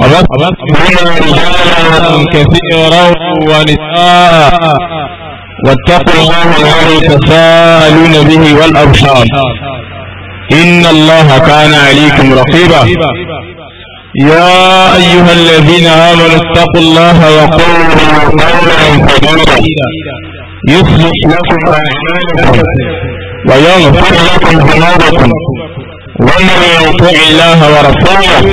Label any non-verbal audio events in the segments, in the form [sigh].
ربنا رجالا كثيرا ونساء واتقوا الله الذي تساءلون به والأبشار إن الله كان عليكم رقيبا يا أيها الذين آمنوا اتقوا الله وقولوا قولا سديدا يصلح لكم أعمالكم ويغفر لكم ذنوبكم ومن يطع الله ورسوله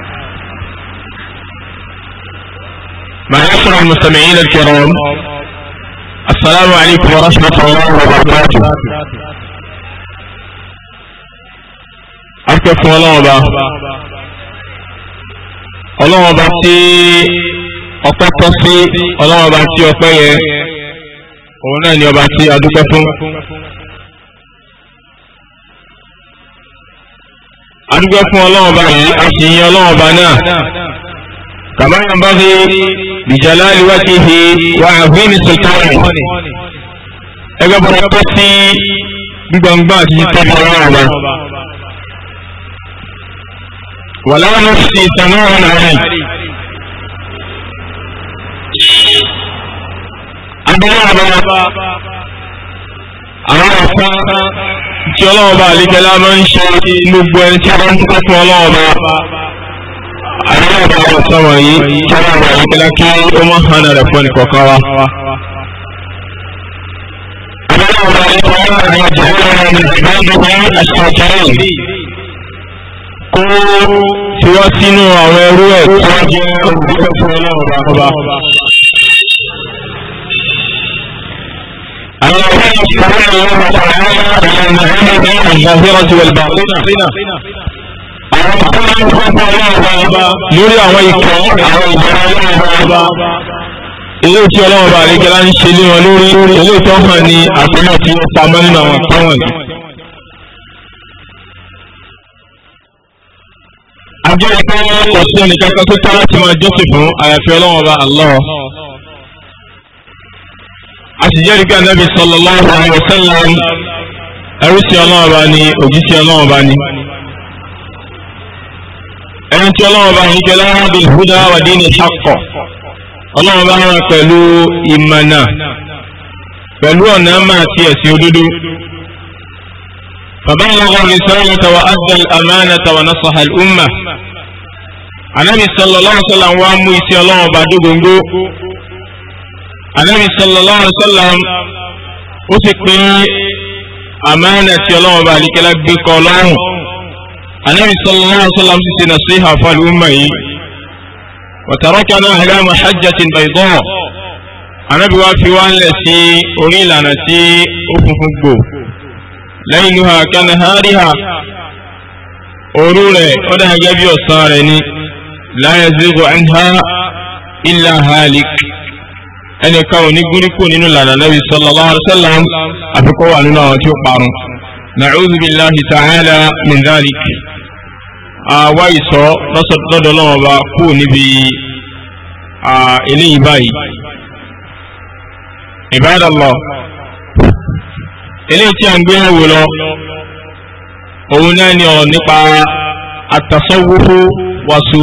معاشر المستمعين الكرام السلام عليكم ورحمة الله وبركاته akẹ́kọ̀ọ́ fún ọlọ́run ọba ọlọ́run ọba tí ọpẹ́ tọ́ sí ọlọ́run ọba tí ọpẹ́ yẹ òun náà ni ọba tí adúpẹ́ fún. adúpẹ́ fún ọlọ́run ọba yìí a sì yin ọlọ́run ọba náà kàmáyàn bá fi bijalali wajihi wa azimi sultani ẹgbẹ́ bọ́lá tó sí gbígbàngbà àti tọ́jú ọlọ́run ọba wà láwọn ó sì tàn náà wọn àárín. abẹ́rẹ́ àbáwá àwọn ọ̀pá tí ọlọ́run ọba àlejò ẹlá máa ń ṣe gbogbo ẹni tí a bá ń tọ́jú ọlọ́run ọba àwọn ọ̀dọ́ àwọn sọ̀rọ̀ yìí sọ̀rọ̀ àwọn ìpínlẹ̀ kí ó mọ̀ hàn rẹ̀ fún ìkọ̀kan wa. àwọn ọ̀dọ́ àwọn sọ̀rọ̀ àwọn ìjọba ní ìgbàgbọ́ àṣàkẹ́yìn kó tí wọ́n sínú àwọn ẹrú ẹ̀ tí wọ́n jẹ́ olùdókòwò fún ọlọ́ọ̀bà. àwọn ọ̀dọ́ àwọn sọ̀rọ̀ àwọn ìjọba ní ìgbàgbọ́ àṣàkẹ́yìn àwọn tó máa ń kọ́kọ́ ọlọ́ọ̀bá lórí àwọn ikọ̀ àwọn ìjọba ọlọ́ọ̀bá ilé tí ọlọ́ọ̀bá àríkẹ́lá ń ṣe lé wọn lórí ilé tó hàn ní àpẹẹrẹ tí wọ́n pamọ́ nínú àwọn àpáwọn yìí. ajọ́ ìpá wọn kò sí ẹnìkan kan tó tá láti máa jọ́sìn fún àyàfi ọlọ́ọ̀bá Allah. a sì jẹ́rìí pé anábì sallallahu alaihi wasallam ẹrú sí ọlọ́ọ̀bá ni òjíṣẹ́ ọlọ́ọ̀bá ni ẹni tí ọlọ́run bá yín jọlá bil huda wa dini haqqo ọlọ́run bá rán pẹ̀lú ìmọ̀nà pẹ̀lú ọ̀nà máa ti ẹ̀sìn òdodo. فبلغ الرسالة وأدى الأمانة ونصح الأمة anabi sallallahu alaihi wasallam wa mú isi ọlọ́run ọba dógóńgó anabi sallallahu alaihi wasallam ó sì pín amánà tí ọlọ́run ọba àdìkẹ́lá gbé kọ́ ọlọ́run anabi sallallahu alaihi wasallam ti ṣe nasiha fáàlì umma yìí wàtàrọ́kànà àgàmà hajjatin bayda anabi wa fi wá ń lẹ̀ sí orí ìlànà tí ó funfun gbò layluha kanahariha òru rẹ̀ ó dá gẹ́gẹ́ bí ọ̀sán rẹ̀ ni la yazighu anha illa halik ẹnìkan ò ní gúríkù nínú lànà nabi sallallahu alaihi wasallam àfikọ́ wà nínú àwọn tí ó parun na'udhu billahi ta'ala min dhalik. àwa ìsọ lọ́dọ̀ bá kú níbi eléyìí báyìí ni eléyìí tí a ń gbé ẹ̀wò lọ òun náà ni ọ̀rọ̀ nípa àtàsọ́wọ́fó wa fi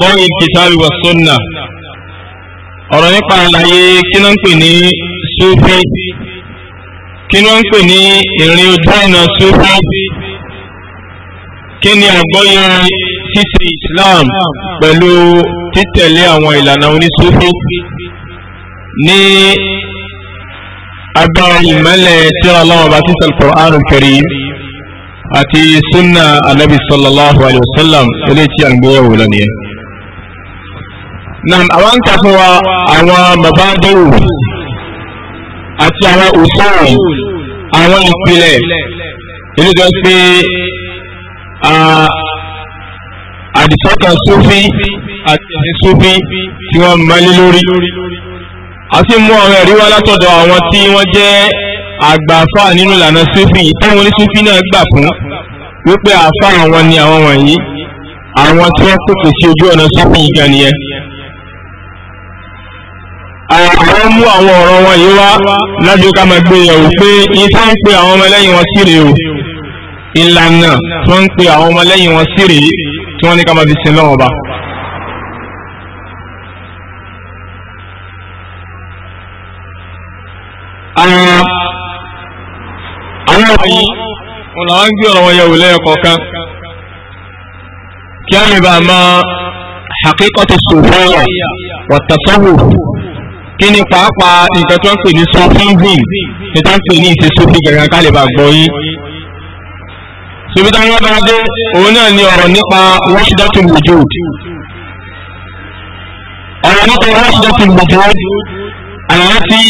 bọ́ọ̀lì kìtàbí wa ọ̀rọ̀ nípa àlàyé kí ló ń pè ní sùfí kí ló ń pè ní ìrìn ojú ọ̀nà sùfí. kí ni àgbọ́yé títẹ Islam pẹ̀lú títẹ̀lé àwọn ìlànà onísúfí ní agbára ìmọ́lẹ̀ tí ọlọ́wọ́ bá títẹ̀ Al-Qur'an Al-Karim àti sunna anabi sallallahu alayhi wa sallam ilé tí a ń gbé yẹ̀wò lónìí. na àwọn ń tàfẹ́ wa àwọn mabadawu àti àwọn usul àwọn ìpìlẹ̀ ilé tó ń pè àdìsọ́kàn sófin àti ẹ̀sìn sófin tí wọ́n mọ́lé lórí a sì mú àwọn ẹ̀rí wá látọ̀dọ̀ àwọn tí wọ́n jẹ́ àgbààfà nínú ìlànà sófin táwọn onísófin náà gbà fún wípé àáfà àwọn ni àwọn wọ̀nyí àwọn tí wọ́n pèpè sí ojú ọ̀nà sófin ìgbà nìyẹn àwọn mú àwọn ọ̀rọ̀ wọn yìí wá lájú ká máa gbé yẹ̀wò pé ìta ń pe àwọn ọmọ ẹlẹ́yìn wọn sí rèé o ìlànà tí wọ́n ń pe àwọn ọmọlẹ́yìn wọn sí rèé tí wọ́n ní ká máa fi sin lọ́wọ́ ọba. àwọn ọ̀rọ̀ yìí wọn làwọn ń gbé ọ̀rọ̀ wọn yẹ̀wò lẹ́yọ̀kọ̀ọ̀kan kí á lè bá a máa hakikati sofiya watasawu kí ni pàápàá nǹkan tó ń pè ní sofism nǹkan tó ń pè ní ìṣesófin gàgà ká lè bá gbọ́ yín níbi táwọn bá dé òun náà ni ọ̀rọ̀ nípa wáṣídátùn wujud ọ̀rọ̀ nípa wáṣídátùn wujud àlàyé tí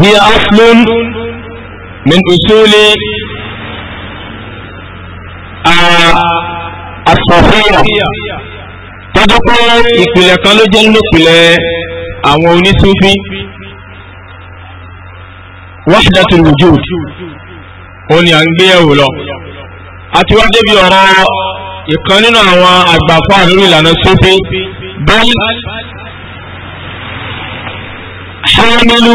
hiya aslun min usuli àṣàfihàn tọ́jú pé ìpìlẹ̀ kan ló jẹ́ nínú ìpìlẹ̀ àwọn onísúfí wáṣídátùn wujud ó ní à ń gbé ẹ̀wò lọ àti wá débi ọ̀rọ̀ ìkan nínú àwọn àgbàfọ́ àlórí ìlànà sófì bẹ́ẹ̀ hamilu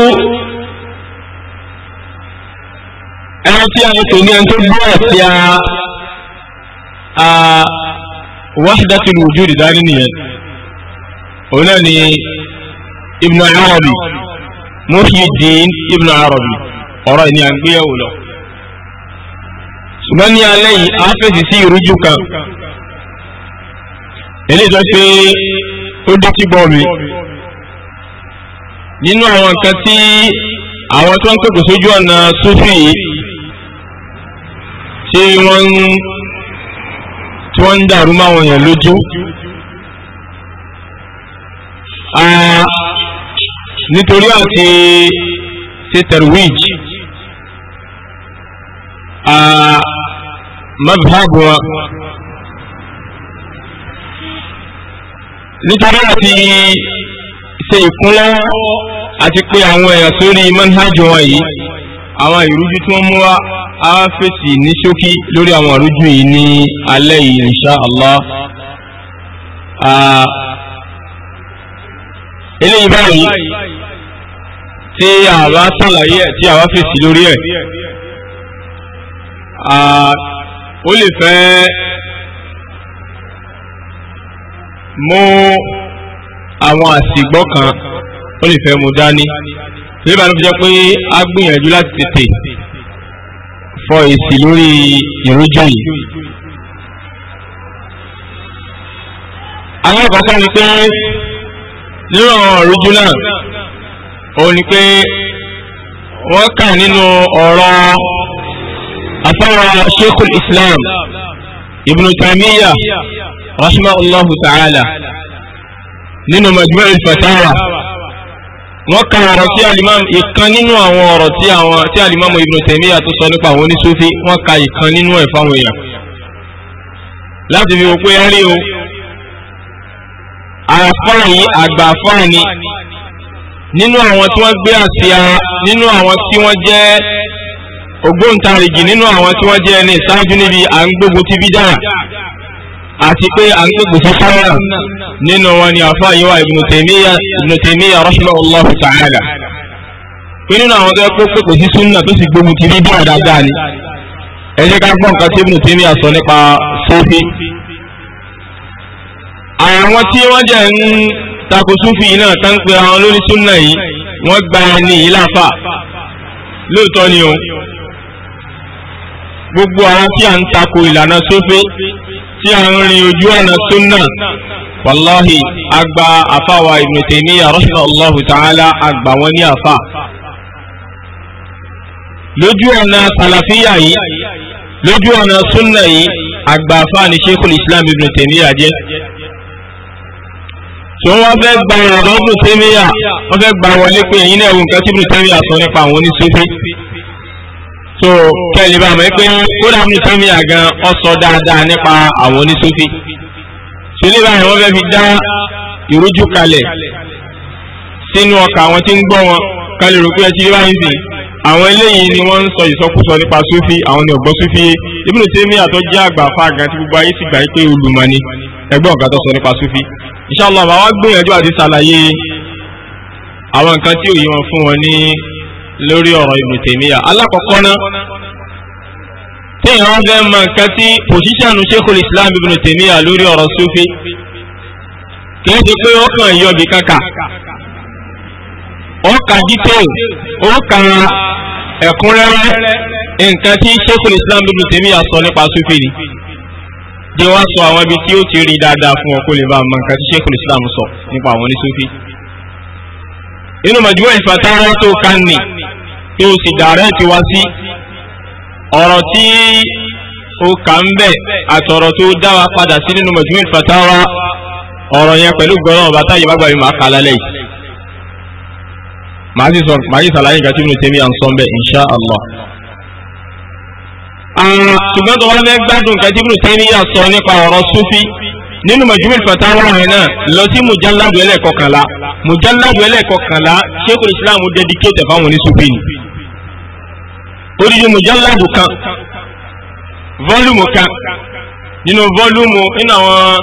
ẹni tí a tò ní ẹni tó gbọ́ ẹ̀sì a wahdatul wujud dání nìyẹn òun náà ni ibnu arabi muhyiddin ibnu arabi ọ̀rọ̀ ìní àgbéyẹ̀wò lọ ṣùgbọ́n ní alẹ́ yìí a fèsì sí ìrújú kan eléyìí tó ṣe ó dé sí bọ́ọ̀lù nínú àwọn nǹkan tí àwọn tó ń pèpè sójú ọ̀nà sufi tí wọ́n ń tí wọ́n ń dàrú máwọn èèyàn lójú nítorí àti ṣe tẹ̀rù wíjì mazhab wọn. nítorí àti ṣe ìkúnlọ́wọ́ àti pé àwọn èèyàn sórí manhaj wọn yìí àwọn ìrújú tí wọ́n mú wá á fèsì ní ṣókí lórí àwọn ìrújú yìí ní alẹ́ yìí insha Allah. eléyìí báyìí tí àwa ṣàlàyé ẹ̀ tí àwa fèsì lórí ẹ̀ ó lè fẹ́ mú àwọn àsìgbọ́ kan ó lè fẹ́ mú dání torí bá ló fi jẹ́ pé a gbìyànjú láti tètè fọ èsì lórí ìrújú yìí. alákọ̀ọ́kọ́ ni pé nínú àwọn ìrújú náà òun ni pé wọ́n kà nínú ọ̀rọ̀ afáwa sheikhul islam ibn taymiya rahimahullahu ta'ala nínú majmu'ul fatawa wọ́n ka ọ̀rọ̀ tí alimam ìkan nínú àwọn ọ̀rọ̀ tí àwọn tí alimam ibn taymiya tó sọ nípa àwọn oníṣúfí wọ́n ka ìkan nínú ẹ̀ fáwọn èèyàn láti fi wò pé ẹ rí o àfáà yìí àgbà àfáà ni nínú àwọn tí wọ́n gbé àsíá nínú àwọn tí wọ́n jẹ́ ògbóǹtarìgì nínú àwọn tí wọ́n jẹ́ ẹni ìsáájú níbi à ń gbógun ti bídára àti pé à ń gbógun ti sáárà nínú wọn ni àfa yìí wà Ibn Taymiyyah Ibn Taymiyyah rahimahullahu ta'ala pé nínú àwọn tó yẹ kó pèpè sí súnà tó sì gbógun ti bídára dáadáa ni ẹ jẹ́ ká gbọ́ nǹkan tí Ibn sọ nípa Sufi àwọn tí wọ́n jẹ́ ń tako Sufi yìí náà tán pé àwọn lórí súnà yìí wọ́n gba ẹni yìí láfa lóòótọ́ ni o gbogbo àwọn tí a ń tako ìlànà sófé tí a ń rin ojú ọ̀nà súnà wàláhì agba àfàwà Ibn Taymiyyah rahimahullahu ta'ala àgbà wọn ní àfà lójú ọ̀nà sàlàfíà yìí lójú ọ̀nà súnà yìí àgbà àfà ní Sheikhul Islam Ibn Taymiyyah jẹ́ tó wọ́n fẹ́ gba ìrọ̀lọ́dún Taymiyyah wọ́n fẹ́ gba wọlé pé èyí náà wù nǹkan tí Ibn Taymiyyah sọ nípa àwọn oníṣòfé so kẹ́lẹ̀ bá mọ̀ pé kódà mi sami àgàn ọ̀sọ̀ dáadáa nípa àwọn onísúfì sílẹ̀ báyìí wọ́n fẹ́ fi dá ìrújú kalẹ̀ sínú ọkà àwọn tí ń gbọ́ wọn kálẹ̀ rò pé ẹ ti rí báyìí sìn àwọn eléyìí ni wọ́n ń sọ ìsọkúsọ nípa súfì àwọn ni ọ̀gbọ́n súfì Ibn Taymiyyah tó jẹ́ àgbà fa àgàn tí gbogbo ayé sì gbà pé olùmọ̀ ni ẹgbẹ́ ọ̀gá tó sọ nípa súfì Inshallah àwa gbìyànjú àti ṣàlàyé àwọn nǹkan tí òye wọn fún wọn ní lórí ọ̀rọ̀ Ibn Taymiyyah alákọ̀ọ́kọ́ náà téèyàn fẹ́ mọ nǹkan tí pòṣíṣàánù Sheikhul Islam Ibn Taymiyyah lórí ọ̀rọ̀ Sufi kì í ṣe pé ó kàn yọbi kàkà ó kà detail ó kà ẹ̀kúnrẹ́rẹ́ nǹkan tí Sheikhul Islam Ibn Taymiyyah sọ nípa Sufi ni jẹ́ wá sọ àwọn ibi tí ó ti rí dáadáa fún ọ kó lè bá mọ nǹkan tí Sheikhul Islam sọ nípa àwọn oníṣòfì. inú Majmu' al-Fatawa tó kàn ní kí o sì dàrẹ́ẹ̀tì wá sí ọ̀rọ̀ tí o kà ń bẹ̀ àtọ̀rọ̀ tó dá wa padà sí nínú Majmu' Fatawa ọ̀rọ̀ yẹn pẹ̀lú gbọ́dọ̀ ọba táyé bá gbàgbé màá kà lálẹ́ yìí màá sì sọ̀rọ̀ màá sì sàlàyé nǹkan tí mo tẹ̀mí à ń sọ ń bẹ̀ insha Allah. ṣùgbọ́n tó wọ́n fẹ́ gbádùn nǹkan tí mo tẹ̀mí à sọ nípa ọ̀rọ̀ Sufi nínú Majmu' Fatawa rẹ̀ náà lọ sí mujalladu ẹlẹ́kọ̀kànlá mujalladu ẹlẹ́kọ̀kànlá Sheikhul Islam dedicate odidi mujalladu kan volume kan nínú volume nínú àwọn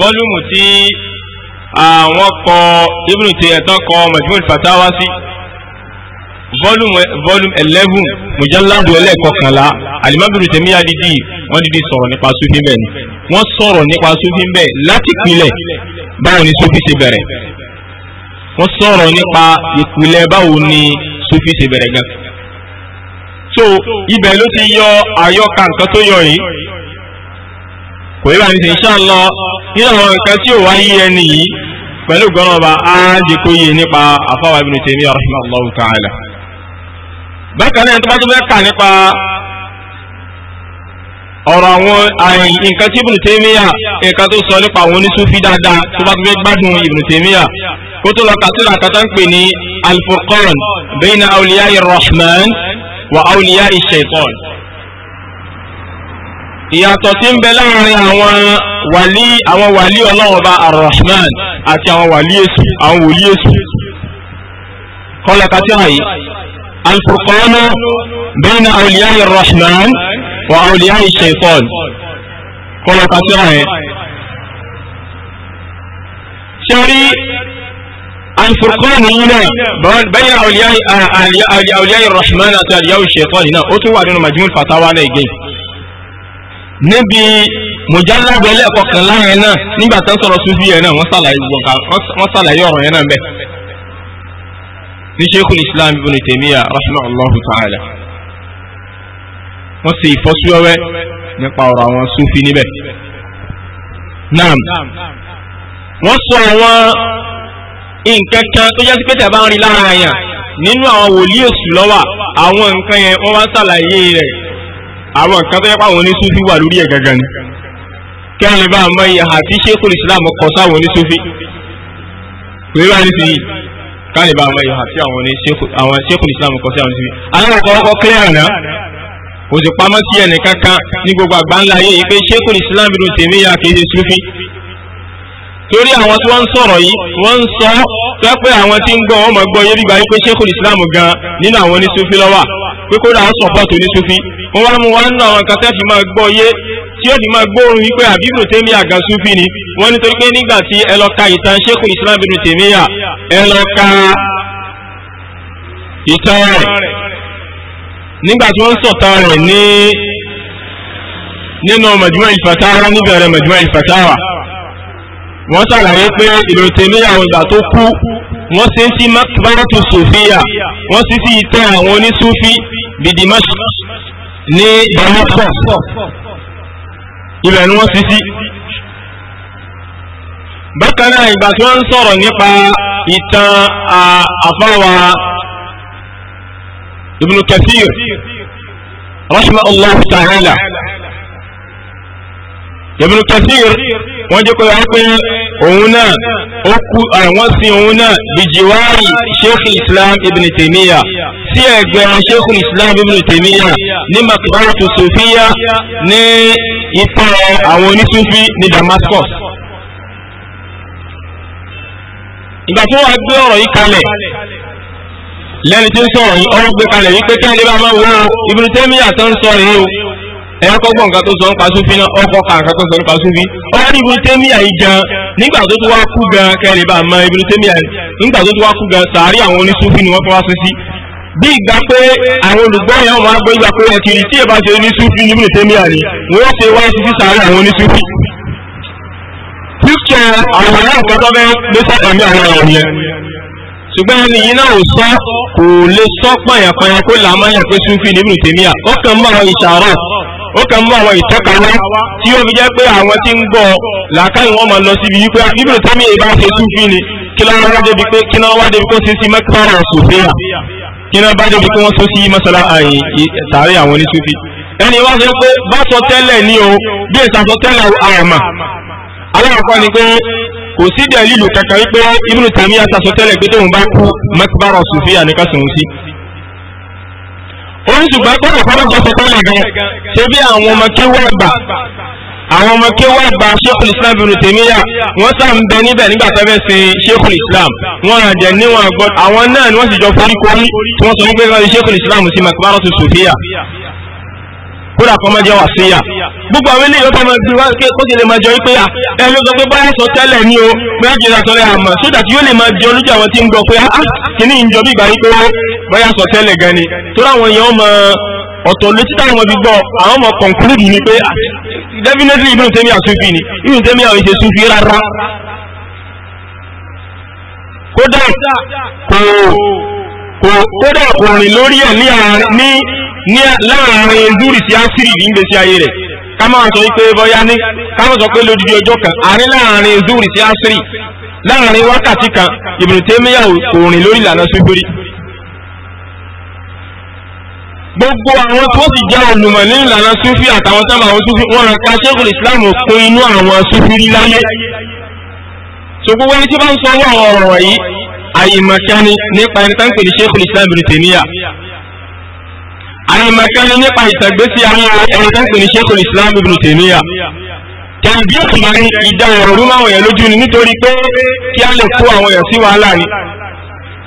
volume tí àwọn kọ ibùdó tí ẹ̀tọ́ kọ majmul fatawa sí volume volume eleven mujalladu ẹlẹ́ẹ̀kọkànlá alimabiri tèmi adidi wọ́n didi sọ̀rọ̀ nípa sufin bẹ́ẹ̀ ni wọ́n sọ̀rọ̀ nípa sufin bẹ́ẹ̀ láti pilẹ̀ báwo ni sufi ṣe bẹ̀rẹ̀ wọ́n sọ̀rọ̀ nípa ìpìlẹ̀ báwo ni sufi ṣe bẹ̀rẹ̀ gan so ibẹ̀ ló ti yọ àyọkà nǹkan tó yọ yìí kò yíba ní sèǹṣà lọ nínú àwọn nǹkan tí ò wá yí ẹni yìí pẹ̀lú gbọ́nà ọba á di kó yé nípa àfáwà Ibn Taymiyyah rahimahullah ta'ala bákan náà tó bá tó fẹ́ kà nípa ọ̀rọ̀ àwọn nǹkan tí Ibn Taymiyyah nǹkan tó sọ nípa àwọn onísúfí dáadáa tó bá tó fẹ́ gbádùn Ibn Taymiyyah kó tó lọ kàtúrà kàtà ń pè ní al-Furqan bayna awliya'i rahman wà áwòlíyá ìṣẹ̀tọ́n ìyàtọ̀ tí ń bẹ láàrin àwọn wàlí àwọn wàlí ọlọ́wọ́ bá arrahman àti àwọn wàlí èṣù àwọn wòlí èṣù kọ́lẹ̀ kàtí àyè alfurqanu bayna awliya arrahman wa awliya ìṣẹ̀tọ́n kọ́lẹ̀ kàtí àyè. sẹ́rí alifurukọ́ọ̀nù yìí náà bẹ́ẹ̀ àwòlíyá rahman àti àwòlíyá ṣẹ̀tọ́ yìí náà ó tún wà nínú majmul fatawa náà again. níbi mujalladu ẹlẹ́kọ̀ọ́kànlá yẹn náà nígbà tó ń sọ̀rọ̀ sufi yẹn náà wọ́n ṣàlàyé ọ̀rọ̀ yẹn náà bẹ́ẹ̀. ní sheikhul islam ibn taymiya rahimahullah ta'ala wọ́n sì fọ́síwẹ́wẹ́ nípa ọ̀rọ̀ àwọn sufi níbẹ̀. naam wọ́n sọ àwọn nǹkan kan tó jásí pé tẹ̀ bá ń rí lára àyàn nínú àwọn wòlíì èṣù lọ́wà àwọn nǹkan yẹn wọ́n wá ṣàlàyé rẹ̀ àwọn nǹkan tó yẹ pàwọn oníṣúfì wà lórí ẹ̀ gangan ni kẹ́rin bá mọ ìyá àti ṣékùn Islam kọ sáwọn oníṣúfì pé wá ní sìyí kẹ́rin bá mọ ìyá àti àwọn ṣékùn Islam kọ sáwọn oníṣúfì. alákọ̀ọ́kọ́ ọkọ̀ clear náà kò sì pamọ́ sí ẹnì kankan ní gbogbo àgbáńlá yìí pé ṣékùn Islam Ibn torí àwọn tí wọ́n ń sọ̀rọ̀ yìí wọ́n ń sọ pé pé àwọn tí ń gbọ́ wọn mọ̀ gbọ́ yé bíbá yìí pé Sheikhul Islam gan nínú àwọn oníṣúfí lọ́wà pé kódà ń sọ̀pọ̀tò oníṣúfí wọ́n wá mú wá nínú àwọn kan tẹ́ fi máa gbọ́ yé tí ó fi máa gbóòórùn wípé àbíbù tèmi àga súfí ni wọ́n nítorí pé nígbà tí ẹ lọ ka ìtàn Sheikhul Islam bíbù tèmi à ẹ lọ ka ìtàn rẹ̀ nígbà tí wọ́n ń sọ̀tàn rẹ̀ ní nínú Majmu' al-Fatawa níbẹ̀rẹ̀ wọ́n ṣàlàyé pé Ibn Taymiyyah àwọn ìgbà tó kú wọ́n ṣe sí makbaratu sofiya wọ́n sì sí ìtẹ́ àwọn onísúfí bidimash ní damascus ibẹ̀ ni wọ́n sì sí. bákan náà ìgbà tí wọ́n ń sọ̀rọ̀ nípa ìtàn àfáwà Ibn Kathir rahma allah ta'ala. Ibn Kathir wọ́n jẹ́ kó yà pé òun náà ó kú àwọn sin òun náà bijiwari sheikhul islam ibn taymiya sí ẹ̀gbẹ́ sheikhul islam ibn taymiya ní maqbaratu sofiya ní ìtàn àwọn onísúfí ní damascus. ìgbà tó wàá gbé ọ̀rọ̀ yìí kalẹ̀ lẹ́ni tí ń sọ̀rọ̀ yìí ọ̀rọ̀ gbé kalẹ̀ yìí pé kí ẹni bá máa wọ ibn taymiya tó ń sọ yìí o ẹ̀kọ́ gbọ́n nǹkan tó sọ nípa súnfí náà ọkọ̀ ka nǹkan tó sọ nípa súnfí ọwọ́ ní Ibn Taymiyyah yìí gan nígbà tó tó wá kú gan kẹrin bá mọ Ibn Taymiyyah yìí nígbà tó tó wá kú gan sàárì àwọn onísúnfí ni wọ́n fọwọ́ sí sí bí ìgbà pé àwọn olùgbọ́n yẹn wọ́n máa gbọ́ ìgbà pé ẹ kiri tí ẹ bá ṣe onísúnfí ní Ibn Taymiyyah ni wọ́n ṣe wá sí sí sàárì àwọn onísúnfí. píkẹ́ àwọn ará ìkọ́tọ́ bẹ́ẹ̀ ló sàkàmì àwọn ọ̀rọ̀ yẹn ṣùgbọ́n ẹni yìí náà ò sọ kò lè sọ pààyàn pààyàn kó làá máa yàn pé súnfì ní Ibn Taymiyyah ọkàn máa ìṣàrọ̀ ó kàn mú àwọn ìtọ́ka wá tí ó fi jẹ́ pé àwọn tí ń gbọ́ làákàyè wọn máa lọ síbi wípé ah, ibùdó tẹ́mi ìbá ṣe súnfì ni kí lọ́wọ́ wá débi pé kí lọ́wọ́ wá débi kó ṣe sí mẹ́kàrà sòfíà kí lọ́wọ́ bá débi kí wọ́n tó sí mọ́sálá tààrí àwọn oníṣúfì ẹni wá sọ pé bá sọ tẹ́lẹ̀ ni o bí ìsàsọ tẹ́lẹ̀ àmà alákọ̀ọ́ ni pé kò sí dẹ̀ lílù kankan wípé ibùdó tẹ́mi àsàsọ tẹ́lẹ̀ pé tóun bá kú mẹ́kàrà sòfíà ní kásìmùsí oníṣùgbọ́n gbọ́dọ̀ fọlọ́gbọ́ sọ tẹ́lẹ̀ gan ṣé bí àwọn ọmọ kéwọ́ àgbà àwọn ọmọ kéwọ́ àgbà Sheikhul Islam Ibn Taymiyyah wọ́n sá ń bẹ níbẹ̀ nígbà tó fẹ́ sin Sheikhul Islam wọ́n rà jẹ́ níwọ̀n àgbọ̀ àwọn náà ni wọ́n sì jọ forí korí tí wọ́n sọ wípé Sheikhul Islam sí makbara tó sòfíà kódà kan máa jẹ́ wà sí yà gbogbo àwọn eléyìí ọ̀tá máa fi wá kó sì lè máa jọ pé ẹ ló sọ pé báyà sọ tẹ́lẹ̀ ní o báyà jẹ́ sọ tẹ́lẹ̀ àmọ́ sódà tí yóò lè máa jọ lójú àwọn tí ń gbọ́ pé ah kìíní ìjọ bí ìgbà yìí pé báyà sọ tẹ́lẹ̀ gan ni tó láwọn èèyàn máa ọ̀tọ̀ létí táwọn ọmọ fi gbọ́ àwọn ọmọ conclude ni pé definitely Ibn Taymiyyah Sufi ni Ibn Taymiyyah àwọn ìṣe Sufi rárá kódà kò kódà kò rìn lórí ẹ̀ ní ní láàrin zúrì sí ásírì ní ìgbésí ayé rẹ̀ ká máa sọ wípé bọ́yá ní ká máa sọ pé lójúdi ọjọ́ kan àárín láàrin zúrì sí ásírì láàrin wákàtí kan Ibn Taymiyyah kò rìn lórí ìlànà síbírí gbogbo àwọn tó sì jẹ́ olùmọ̀ ní ìlànà súfì àtàwọn sábà àwọn súfì wọn ràn ká ṣẹ́gun islam kún inú àwọn súfì rí láyé so gbogbo ẹni tí bá ń sọ wọ́n ọ̀rọ̀ yìí àyè màkíá ni nípa ẹni tá ń pè ní ṣẹ́gun islam Ibn Taymiyyah àyèmọ̀kẹ́ni nípa ìtàgbésí àwọn ẹni tó ń pè ní Sheikhul Islam Ibn Taymiyyah kẹ̀lú bí òsì máa ń ìdá ọ̀rọ̀ rú máwọn èèyàn lójú ni nítorí pé kí á lè kó àwọn èèyàn sí wàhálà ni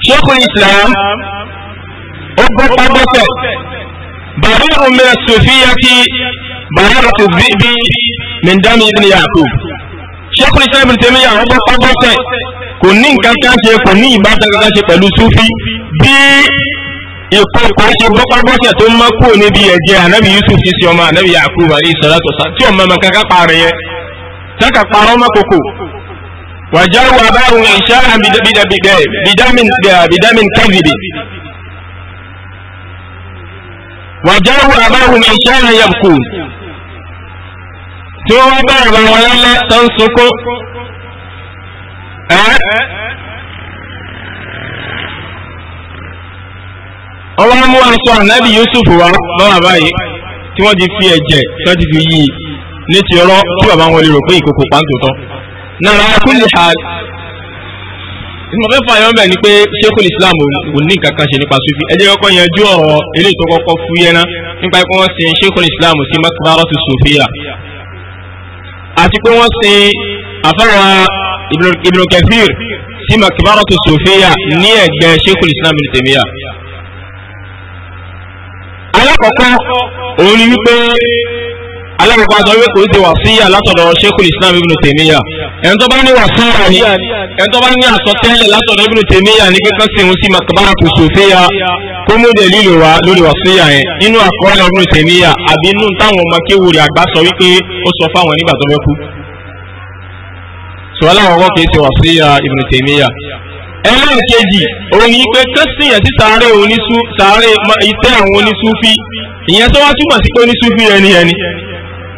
Sheikhul Islam ó gbọ́pá gbọ́pẹ̀ bàbá ìrùmẹ̀ sòfíà ti bàbá rẹ̀ bí mẹ́ndánì ibn Yaqub Sheikhul Islam Ibn Taymiyyah ó gbọ́pá ikú oríṣi bọ́pábọ́sẹ̀ tó ń mọ́ kúrò níbi ẹ̀jẹ̀ ànábì Yusuf fi sí ọmọ ànábì Yakub alayhi salatu wa sallam tí ọmọ ọmọ kankan parí yẹn kankan parọ́ mọ́ koko wàjà wà báwọn ìṣá bidamin kadhibi wàjà wà báwọn ìṣá yabkun tí wọ́n bá àwọn ọlọ́lá tó ń sunkún. ọwọ́ mú aṣọ ànábì Yusuf wa lọ́wọ́ báyìí tí wọ́n ti fi ẹ̀jẹ̀ tí wọ́n ti fi yí ní ti ọ̀rọ̀ tí bàbá wọn lè rò pé ìkòkò pàǹtò tán náà akúlè ha ìmọ̀ mẹ́fà yọ̀ bẹ̀ ni pé Sheikhul Islam ò ní kankan ṣe nípa sufi ẹ jẹ́ kọ́kọ́ yanjú ọ̀rọ̀ eléyìí tó kọ́kọ́ fú yẹná nípa pé wọ́n sin Sheikhul Islam sí makbaratu sufiya àti pé wọ́n sin àfáwà Ibn Kathir sí makbaratu sufiya ní ẹ̀gbẹ́ Sheikhul Islam Ibn Taymiyyah alákọ̀ọ́kọ́ òun ni wípé alákọ̀ọ́kọ́ àtọ́ wípé kò ń ṣe wàsíyà látọ̀dọ̀ Sheikhul Islam Ibn Taymiyyah ẹni tó bá ní wàsíyà ni ẹni tó bá ní àsọtẹ́lẹ̀ látọ̀dọ̀ Ibn Taymiyyah ní kíkan sí òun sí makabara kò sòfíà kó mú dẹ̀ lílo wa lórí wàsíyà yẹn nínú àkọọ́lẹ̀ Ibn Taymiyyah àbí inú táwọn ọmọ kéwòrè àgbà sọ wípé ó sọ fáwọn nígbà tó fẹ́ kú. ẹlẹ́ẹ̀kejì òun ni pé kẹ́sìyàn sí sàárè onísú sàárè ìtẹ́ àwọn onísúfí ìyẹn tó wá túmọ̀ sí pé onísúfí rẹ nìyẹn ni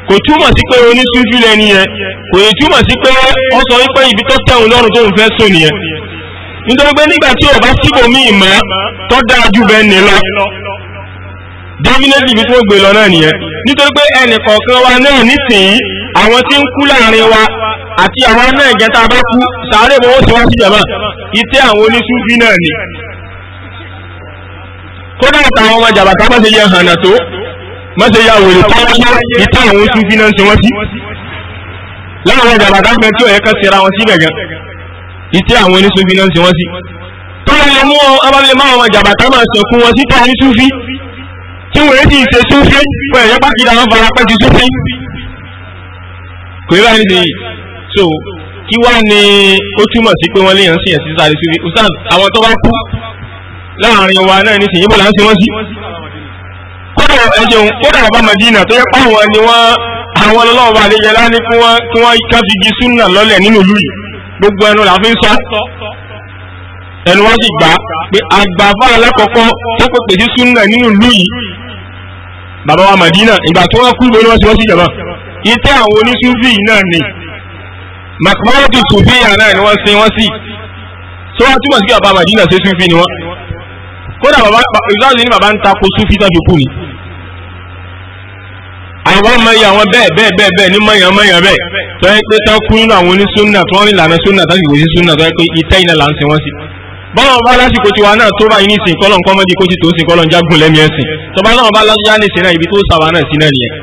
kò túmọ̀ sí pé onísúfí rẹ nìyẹn kò yẹ túmọ̀ sí pé ó sọ wípé ibi tó tẹ̀hún lọ́rùn tó ń fẹ́ sùn nìyẹn nítorí pé nígbà tí ò bá tó definitely ibi tí wọ́n gbé lọ náà nìyẹn nítorí pé ẹnì kọ̀ọ̀kan wa náà nísìnyí àwọn tí ń kú láàrin wa àti àwọn náà jẹ́ tá a bá kú sàárè mọ́ wọ́n ti wá sí jàmá ìtẹ́ àwọn oníṣúfì náà ni kódà àtàwọn ọmọ jàbàtà má ṣe yẹ hànà tó má ṣe ya wèrè tó wáyé ìtẹ́ àwọn oníṣúfì náà ń ṣe wọ́n sí láwọn jàbàtà fẹ́ tí òye kan ṣera wọn síbẹ̀ gan ìtẹ́ àwọn oníṣúfì náà ń ṣe wọ́n sí tó lè mú ọ abáwílẹ̀ máwọn ọmọ jàbàtà máa sọ̀kún wọn síta oníṣúfì tí wọ́n èyí ti ṣe súnfí wọ́n ẹ̀yọ́ pàkìdá wọn fara pẹ́ ti súnfí kò yẹ báyìí nìyí so kí wá ni ó túmọ̀ sí pé wọ́n léèyàn sí ẹ̀sìn sáré súnfí ustaz àwọn tó bá kú láàrin wa náà ní sèyí bọ́lá ń sin wọ́n sí kódà ẹ̀jẹ̀un kódà bàbá Madina tó yẹ páwọn ni wọ́n àwọn ọlọ́wọ́ bá lè yẹ láni kí wọ́n kí wọ́n ká fi gi súnà lọ́lẹ̀ nínú ìlú yìí gbogbo ẹnu la fi ń sọ ẹnu wọn sì gbà pé àgbàfà alákọ̀ọ́kọ́ tó pèpè sí súnà nínú ìlú yìí bàbá wa Madina ìgbà tó wọ́n kú lórí wọ́n ti wọ́n sí jàmá ìtẹ́ àwọn oníṣúfì náà ni makbaratu sufiya náà ni wọ́n sin wọ́n sí tó wọ́n túmọ̀ sí bàbá Madina ṣe súfì ni wọ́n kódà bàbá ìgbàlódé ní bàbá ń takò súfì tó fi kú ni àwọn mẹ́yà wọn bẹ́ẹ̀ bẹ́ẹ̀ bẹ́ẹ̀ bẹ́ẹ̀ ní mẹ́yà mẹ́yà bẹ́ẹ̀ tó yẹ pé tó kú nínú àwọn oníṣúnà tó wọ́n ní lànà súnà tó sì kò sí súnà tó yẹ pé ìtẹ́ ìnà là ń sin wọ́n sí bọ́lá ọba lásìkò tiwa náà tó báyìí ní ìsìn kọ́lọ̀ nǹkan mọ́dí kó ti tó ń sìn kọ́lọ̀ ń jágùn lẹ́mí ẹ̀sìn tọ́ba náà ọba lásìkò ní ìsìn náà ibi tó sàwà náà sí náà nìyẹn.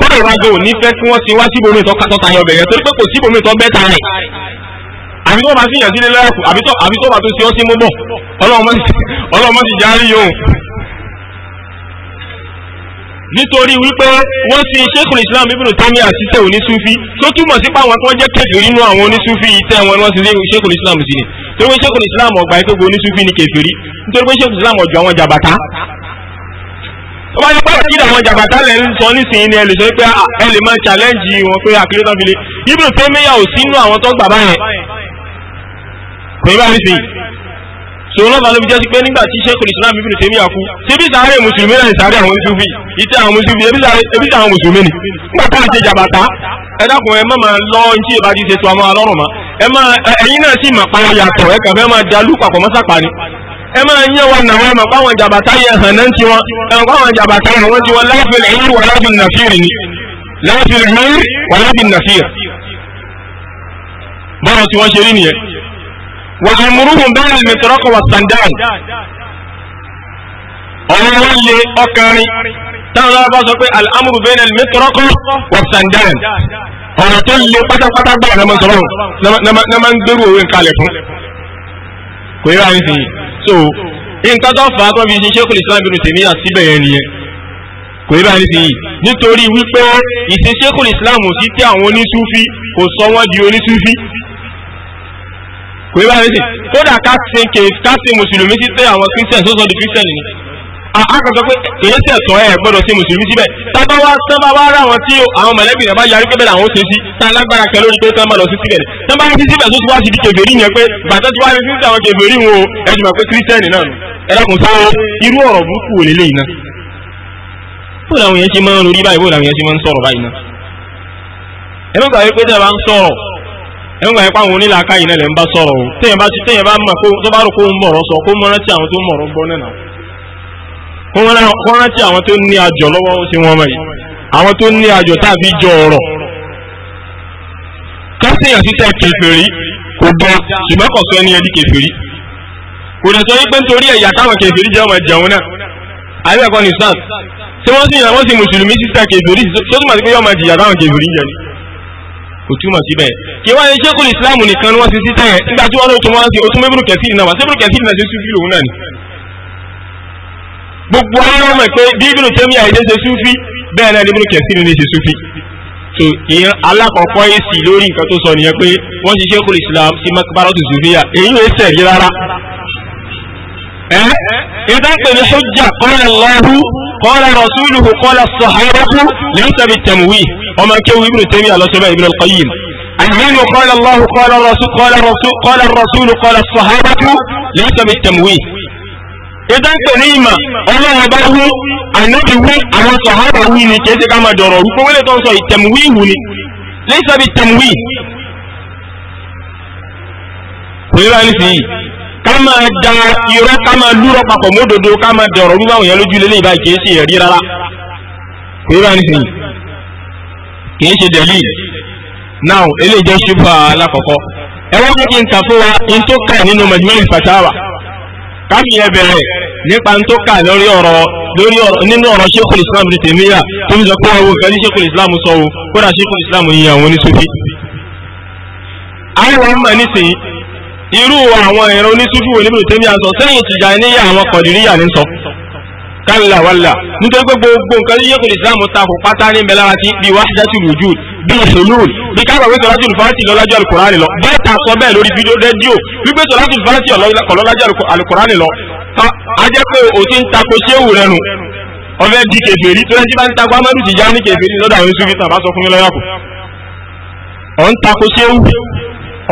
kọ́lọ̀ ìrago ò ní fẹ́ kí wọ́n ti wá síbòmí tó tayọ bẹ̀rẹ̀ torí pé kò síbòmí tó bẹ́ ta rẹ̀. àbí tó bá sí yàn sílé lẹ́yàkù àbí tó bá tó ṣe ọ́ sí mú bọ̀ ọlọ́run mọ́ ti nítorí wípé wọ́n sì Sheikhul Islam Ibn Taymiyyah àṣìṣe onísúfí tó túmọ̀ sí pàwọn tí wọ́n jẹ́ kèfèrí nínú àwọn onísúfí ìtẹ́ wọn ni wọ́n sì lé Sheikhul Islam sí ni torí pé Sheikhul Islam ọgbà yìí tó gbé onísúfí ni kèfèrí nítorí pé Sheikhul Islam ọjọ́ àwọn jàbàtà tó bá yẹ pé kí àwọn jàbàtà lẹ̀ ń sọ nísìnyí ni ẹ lè sọ pé ah, ẹ lè máa challenge wọn pé àkìlẹ̀ tán fi lé Ibn Taymiyyah ò sínú àwọn tó gbà báyẹn kò ní bá rí sí i sọ̀rọ̀ bá ló fi jẹ́ sí pé nígbà tí sẹ́kùn Islam Ibn Taymiyyah kú ṣé bí sàárè mùsùlùmí náà sàárè àwọn mùsùlùmí ìtẹ́ àwọn mùsùlùmí ebi sàárè àwọn mùsùlùmí ni nígbà tá à ń ṣe jàbàtà ẹ dákun ẹ má máa lọ ntí ìbá ti ṣe tó àwọn alọ́rùn ma ẹ má ẹyin náà sì mà pààyàn yàtọ̀ ẹ kàfẹ́ máa dalú papọ̀ mọ́sàpá ni ẹ máa ń yẹ wọn náà wọn mọ̀ pé àwọn jàbàtà yẹn hàn náà ti wọn ẹ mọ̀ pé àwọn jàbàtà yẹn wọn ti wọn láàfin ẹ̀yìn wà láàfin nàfíìrì ni láàfin ẹ̀yìn wà láàfin nàfíìrì bọ́ọ̀rọ̀ tí wọ́n ṣe rí nìyẹn wà á múrùhùn bẹ́ẹ̀ ni mìtìrọ́kọ̀ wà sàndáàn ọ̀rọ̀ wọn lé ọkàrin táwọn ọba sọ pé al'amuru bẹ́ẹ̀ ni mìtìrọ́kọ̀ wà sàndáàn ọ̀rọ̀ tó lé pátápátá gbà náà sọ̀rọ̀ náà máa ń gbèrú òwe kalẹ̀ fún kò yẹ báyìí sí so nǹkan tó fà á tó fi ṣe ṣékùlù Islam bínú tèmi àtibẹ̀ yẹn nìyẹn kò yẹ báyìí sí nítorí wípé ìṣe ṣékùlù Islam sí tí àwọn onísúfí kò sọ wọ́n di onísúfí kò yẹ báyìí kódà ká sin kéf ká sin mùsùlùmí sí pé àwọn christian tó sọ di christian ni àkàtọ̀ pé èyí sì ẹ̀tọ́ ẹ̀ gbọ́dọ̀ sí mùsùlùmí síbẹ̀ tábà wá sábà wá rà wọn tí àwọn mọ̀lẹ́bí rẹ̀ bá yarí pé bẹ́ẹ̀ àwọn ó ṣe sí tá a lágbára kẹ lórí pé tá a máa lọ sí síbẹ̀ tá a bá sí síbẹ̀ tó ti wá sí di kèfèrí yẹn pé bàtà tí wá sí sí àwọn kèfèrí wọn o ẹ jùmọ̀ pé kírísítẹ́nì náà nù ẹ dákun sọ irú ọ̀rọ̀ burúkú wò lélẹ́yìn náà bó làwọn yẹn ti máa ń rí báyìí bó làwọn yẹn ti máa ń sọ̀rọ̀ báyìí náà ẹ ẹ̀wọ̀n gbà yẹn pàwọn onílàáká yìí nílẹ̀ ń bá sọ̀rọ̀ o téèyàn bá téèyàn bá mọ̀ tó bá rò kó ń mọ̀rọ̀ sọ kó mọ̀rọ̀ tí àwọn tó ń mọ̀rọ̀ gbọ́ nínà kó rántí àwọn tó ní àjọ lọ́wọ́ sí wọn mọ̀ yìí àwọn tó ní àjọ tàbí jọ ọ̀rọ̀ kásìyàn sísẹ kèfèrí kò bọ ṣùgbọ́n kò sọ ẹni ẹni kèfèrí kò dẹ̀ sọ wípé nítorí ẹ̀yà táwọn kèfèrí jẹ́ ọmọ jẹun náà àbí ẹ̀kọ́ ní tí wọ́n sì yàn wọ́n sì mùsùlùmí sísẹ kèfèrí tó sí pé ọmọ jìyà táwọn kèfèrí jẹ ni kò túmọ̀ síbẹ̀ kí wọ́n ṣe ṣékùn ìsìláàmù nìkan ni wọ́n ti sí tẹ̀yẹ̀ nígbà tí wọ́n ló tún wọ́n sí otún mẹ́bùrù kẹ̀sí ìnáwó sẹ́bùrù kẹ̀sí ìnáwó ṣe súfì lòun náà ni. gbogbo ayé wọn mọ̀ pé bí ibùdó tẹ́mi àìdé ṣe súfì bẹ́ẹ̀ náà ibùdó kẹ̀sí ni ṣe súfì. so ìyẹn alákọ̀ọ́kọ́ èsì lórí nǹkan tó sọ nìyẹn pé wọ́n ṣe ṣékùn ìsìláàmù sí makbaratu قال رسوله قال الصحابة ليس بالتمويه ومن كوي ابن تيمية على سبحانه ابن القيم العلم قال الله قال الرسول قال الرسول قال الرسول قال الصحابة ليس بالتمويه إذا كريمة الله أباه النبي وي أو الصحابة وي نكيس كما دورو فولا تنصى التمويه ليس بالتمويه ويبقى نسيه máa da irọ́ kama máa lúrọ̀ papọ̀ mọ́dodo kama máa dọ̀rọ̀ wíwá òyìn lójú ile ìbá kìí ṣe ẹ̀rí rárá kò yíra ní sìn kìí ṣe dẹ̀lí náà eléyìí jẹ́ ṣubú alákọ̀ọ́kọ́ ẹ wá kí n kà wa n tó kà nínú Majmu' Fatawa káfí ẹ bẹ̀rẹ̀ nípa n tó kà lórí ọ̀rọ̀ lórí ọ̀rọ̀ nínú ọ̀rọ̀ Sheikhul Islam ní tèmíyà tó ń sọ pé Islam sọ kódà Islam yìí àwọn irú àwọn ìran onísúfì wo níbi tèmi à ń sọ sẹ́yìn tìjà níyà àwọn kọ̀dìríyà ní sọ kálá wàlà nítorí pé gbogbo nǹkan tí yẹ́kùn ìsìláàmù takò pátá ní ìbẹ̀lẹ̀ ara ti bí wahdatul wujud bí hulul bí káàbà wí sọ̀rọ̀ àtúntò fáńtì lọ́lájọ́ alukurani lọ bẹ́ẹ̀ ta sọ bẹ́ẹ̀ lórí fídíò rédíò wípé sọ̀rọ̀ àtúntò fáńtì ọ̀lọ́lájọ́ alukurani lọ a jẹ́ pé o ti ń takò séwù rẹ nu ọ̀fẹ́ di kèfèrí tó lẹ́sí bá ń takò amadu ti já ní kèfèrí lọ́dọ̀ àwọn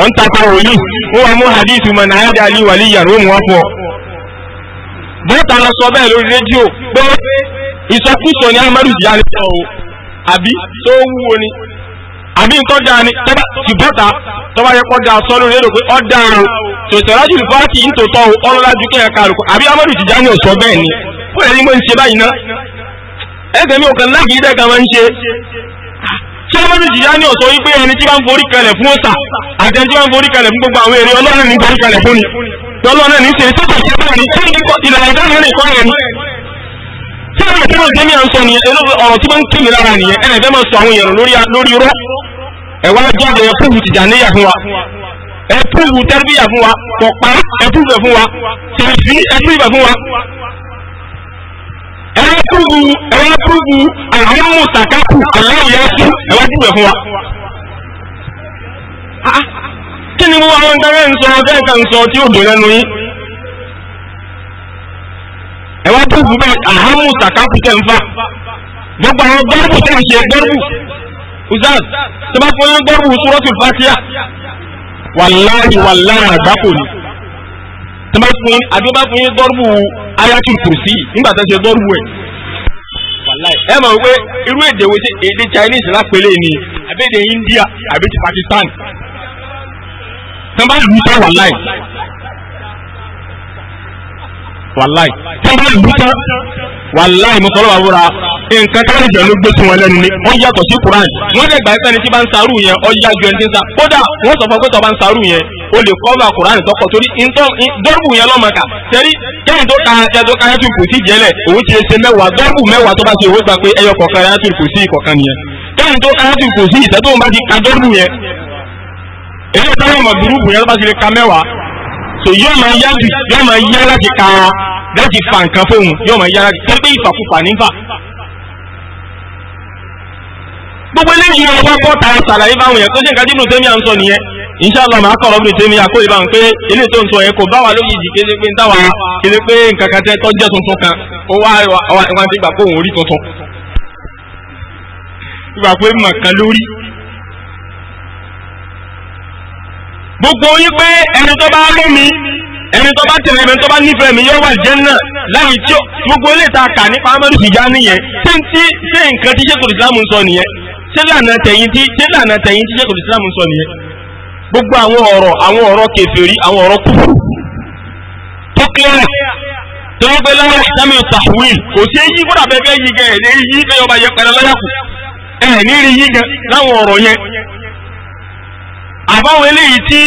ọ̀ ń takọ wòlíì ó wà mú hadithu mọ̀ náà yáda alí wàlí yàrá òun wọ́n fọ́ bọ́ọ̀tà lọ sọ bẹ́ẹ̀ lórí rédíò pé ìsọkúsọ ni amadu ti yára sọ àbí tó wúwo ni àbí nǹkan dáa ni tọ́ba ti bọ́ta tọ́ba yẹ kọ́ da sọ o kẹ́yà amadu sọ bẹ́ẹ̀ ni ahmadu jìyàní ò sọ wípé ẹni tí bá ń forí kalẹ̀ fún ọ̀sà àti ẹni tí bá ń forí kalẹ̀ fún gbogbo àwọn èrè ọlọ́run ní forí kalẹ̀ fún ni ọlọ́run ní ṣe tó tẹ̀sí bẹ́ẹ̀ ni kí ni ìlànà ìdáhùn rẹ̀ kọ́ rẹ̀ ni. tí àwọn ìpínlẹ̀ òjé ní à ń sọ nìyẹn ọ̀rọ̀ tí wọ́n ń kéwì lára nìyẹn ẹ̀ fẹ́ máa sọ àwọn èèyàn lórí irọ́ ẹ̀wá jáde ẹ̀ fúhù tìjàníyà fún wa ẹ̀ fúhù tẹ́rìbíyà fún wa pọ̀pá ẹ̀ fúhù fún ẹwà púrúbù ẹwà púrúbù àhámù sàkáàkù aláwọ̀ yẹn sí ẹwà púrúbù ẹ̀ fún wa. Ah, ah, kí ni wọ́n àwọn nǹkan ń sọ ọjọ́ nǹkan ń sọ tí ó dùn lẹ́nu yín. ẹwà púrúbù bẹ́ẹ̀ gbogbo àwọn gbọ́rùbù tẹ̀ ń ṣe gbọ́rùbù uzaz tó fún yín gbọ́rùbù suratul fatiha wàláhì wàláhì àgbákò ni. tẹ́lẹ̀ bá fún yín dọ́rùbù ayatul kùrùsì nígbà tó dọ́rùbù ẹ̀. ẹ mọ̀ wípé irú èdè wo ṣe èdè Chinese lápẹ̀lẹ̀ ni àbí India àbí Pakistan tẹ́lẹ̀ bá lù ú wàláì tí wọ́n lù tán wàláì mo sọ lọ́wọ́ àwòrán nǹkan kárí jẹ̀ ló gbé sí wọn lẹ́nu ni ó yàtọ̀ sí Quran wọ́n lè gbà pẹ́ni tí bá ń sarú yẹn ọ yá ju ẹni tí ń sa kódà wọ́n sọ fún ọ pé tọ́ bá ń sarú yẹn o lè kọ́ba Quran tọkọ̀ torí dọ́rùbù yẹn lọ́mọ kà tẹ́rí kẹ́hìn tó ka ẹ̀ tó ka ẹ̀ tún kù sí jẹ́lẹ̀ òun ti ṣe mẹ́wàá dọ́rùbù mẹ́wàá tó bá ṣe òwe gba pé ẹyọ kọ̀ọ̀kan ẹ̀ tún kù sí ìkọ̀kan nìyẹn kẹ́hìn tó ka ẹ̀ tún kù sí ìtẹ́tọ́ so yóò máa yá jù yóò máa yá láti ka láti fa nǹkan fóun yóò máa yá láti tó pé ìfàkùfà nífà. gbogbo eléyìí ni ọba bọ́ta ṣàlàyé báwọn yẹn tó jẹ́ nǹkan tí Ibn Taymiyyah ń sọ nìyẹn inṣàlá màá kọ̀ Ibn Taymiyyah kó ìbáwọn pé ilé tó ń sọ yẹn kò bá wa lóyìí kéde pé táwa kéde pé nǹkan kan tẹ́ tọ́jọ́ tuntun kan ó wá wá ti gbà pé òun rí tuntun. ìgbà pé màkàn lórí gbogbo yín pé ẹni tó bá mú mi ẹni tó bá tẹ̀lé mi tó bá nífẹ̀ẹ́ mi yóò wà Janna láyé tí gbogbo ilé ìta kà nípa Amadu Tijani nìyẹn ṣé ti ṣé nǹkan tí sẹ́kùrù Islam ń sọ nìyẹn ṣé lànà tẹ̀yìn tí ṣé gbogbo àwọn ọ̀rọ̀ àwọn ọ̀rọ̀ kèfèrí àwọn ọ̀rọ̀ tó àbáwọn eléyìí tí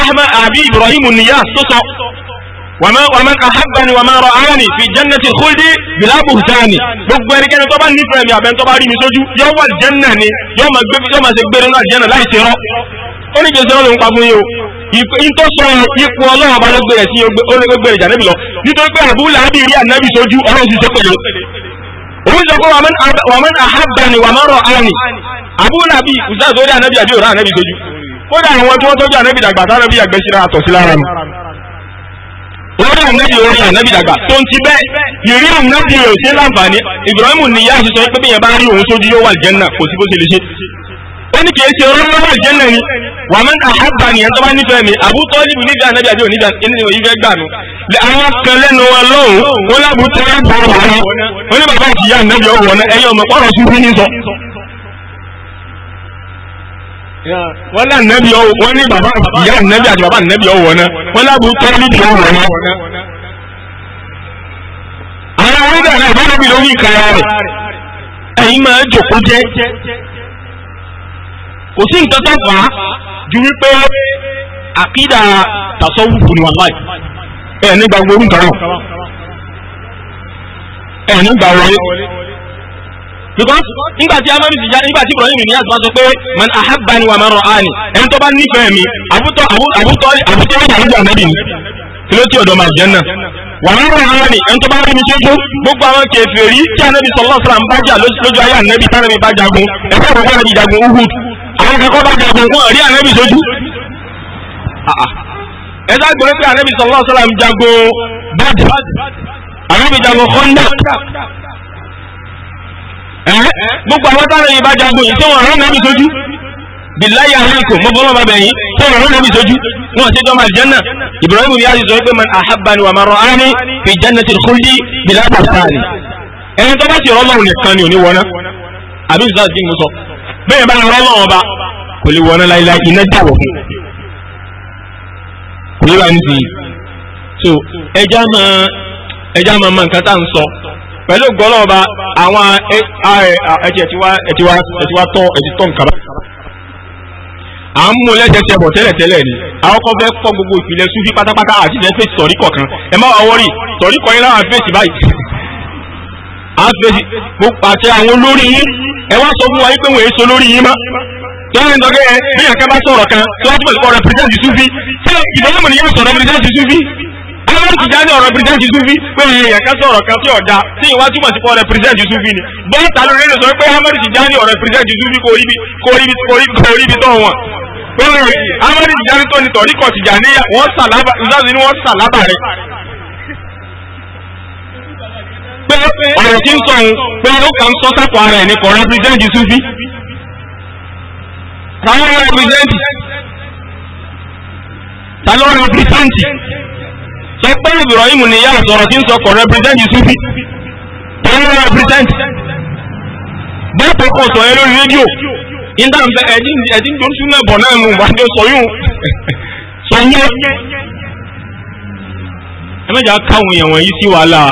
ahmed abi ibrahim niyas tó sọ wàmán ahabbani wàmán ra'ani fi jannati khuldi bila buhtani gbogbo ẹnikẹ́ni tó bá nífẹ̀ẹ́ mi àbẹ́ni tó bá rí mi sójú yóò wà janna ni yóò máa gbé yóò máa ṣe gbére náà janna láì ṣe rọ́ ó ní gbèsè ọlọ́run pa fún yín o ìtọ́ sọ ipò ọlọ́run ọba ló gbèrè sí olóògbèrè jànẹ́bì lọ nítorí pé àbúlà á bí rí ànábì sójú ọlọ́run ti sọ pẹ̀lú òun sọ pé wàmán ahabbani wàmán ra'ani àbúlà bí ìsáàsórí ànábì àbí òrà ànábì sójú kódà àwọn tí wọ́n tọ́jú ànábì dàgbà táwọn bí àgbẹ̀ síra àtọ̀ sí lára mi. wọ́n dà ànábì orí ànábì dàgbà tó ń ti bẹ́ẹ̀ ìrí ànábì rẹ̀ ṣe láǹfààní Ibrahim ní ìyá àṣìṣe pé bí yẹn bá rí òun sójú yóò wà jẹ́nà kò sí bó ṣe lè ṣe. ó ní kìí ṣe olówó wà jẹ́nà ni wà á máa àhábà nìyẹn tó bá nífẹ̀ẹ́ mi àbútọ́ níbi níbi ànábì wọ́n lé ànábì wọ́n ní bàbá ìyá ànábì àti bàbá náà wọ́n lábù tọ́lídì ọ̀wọ́ náà. àwọn onídà náà ìbáraẹ̀bì ló ń yí rẹ̀ ẹ̀yin máa jòkó jẹ́ kò sí nǹkan tó fà á ju wípé àkídà ni ẹ̀ nígbà gbogbo ẹ̀ nígbà because nígbà tí amadu ti já nígbà tí ibrahim ní yàtọ̀ sọ pé man ahabbani wa man ra'ani ẹni tó bá nífẹ̀ẹ́ mi àbútọ́ àbútọ́ àbútọ́ àbútọ́ ànábì ni kí ló tí ọ̀dọ́ máa jẹ́ náà wà ara ni ẹni tó bá rí mi ṣojú gbogbo àwọn kèfèrí tí ànábì sallallahu alaihi wasallam bá jà lójú ayé ànábì tánàbì bá jagun ẹ̀fọ́ àkọ́kọ́ ànábì jagun uhud àwọn akẹ́kọ̀ọ́ bá jagun wọn rí ànábì ṣojú. ẹ dá gbogbo àwọn táwọn yìí bá jagun yìí tí wọ́n rán nàbì sójú bìláyà hànkò mo bọ́mọ̀ bàbá yìí tí wọ́n rán nàbì sójú wọ́n ṣe jọmọ àlìjánà Ibrahim bí a ti sọ pé man ahabbani wa man ra'ani fi jannati al-khuldi bila buhtani ẹni tó bá ti rọ́lọ́ òun nìkan ni òní wọná àbí ìsúná ti mú bẹ́ẹ̀ bá rọ́lọ́ ọba kò lè wọná láíláí iná jàwọ̀ kò lè bá ń di so ẹja máa ẹja máa máa nǹkan tá à ń sọ pẹ̀lú ọba àwọn ẹ̀jẹ̀ ẹ̀tiwá tọ́ ẹ̀tí tọ́ nǹkan à ń mú bọ̀ tẹ́lẹ̀tẹ́lẹ̀ ni àwọn kan fẹ́ kọ́ gbogbo ìpìlẹ̀ súnfí pátápátá àti ìfẹ́ fèsì tọ̀rí kọ̀ọ̀kan ẹ má wà wọ́rì tọ̀rí kọ́ yín láwọn fèsì báyìí. à ń fèsì gbogbo àti àwọn olórí yín ẹ wá sọ fún wa pé wọ́n lórí yín mọ́. tọ́lá bí Umaru Tijani ọ̀rọ̀ president Yusufi pé èèyàn kan sọ̀rọ̀ kan tí ọ̀dà tí ìwà túmọ̀ sí pọ̀ rẹ̀ president Yusufi ni bọ́ọ̀tà ló rẹ̀ sọ pé Umaru Tijani ọ̀rọ̀ president Yusufi kò ríbi kò ríbi kò ríbi kò ríbi tọ̀ wọn. pẹ̀lú Umaru Tijani tó ní tọ̀ríkọ̀ Tijani wọ́n sàlábà ìzáàzù ni wọ́n sàlábà rẹ̀. pé ọ̀rọ̀ tí ń sọ òun pé ó kà ń sọ sápò ara ẹ̀ ní kọ̀ represent Yusufi. ta ló represent ta sọ pé Ibrahim ni ìyá àsọ̀rọ̀ tí ń sọ kò represent Sufi tó ń represent bẹ́ẹ̀ tó kàn sọ yẹn lórí rédíò nígbà ẹ̀dín tó ń sún náà bọ̀ náà mú wá jọ sọyún sọyún ẹ mẹ́jà káwọn èèyàn wọ̀nyí sí wàhálà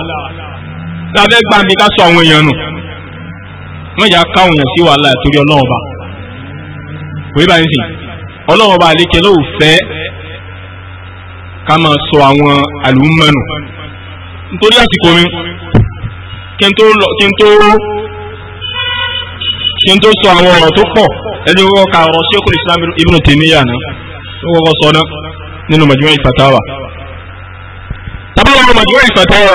lábẹ́ gbàǹdé ká sọ àwọn èèyàn nù mẹ́jà káwọn èèyàn sí wàhálà torí ọlọ́wọ́ba kò yí báyìí sìn ọlọ́wọ́ba àlékẹ́ ló fẹ́ ká máa sọ àwọn àlùmọ́nù nítorí àsìkò mi kí n tó kí n tó kí n tó sọ àwọn ọ̀rọ̀ tó pọ̀ ẹni wọ́n ka ọ̀rọ̀ Sheikhul Islam Ibn Taymiyyah náà ó kọ́kọ́ sọ náà nínú Majmu' Fatawa tábàlọ́ Majmu' Fatawa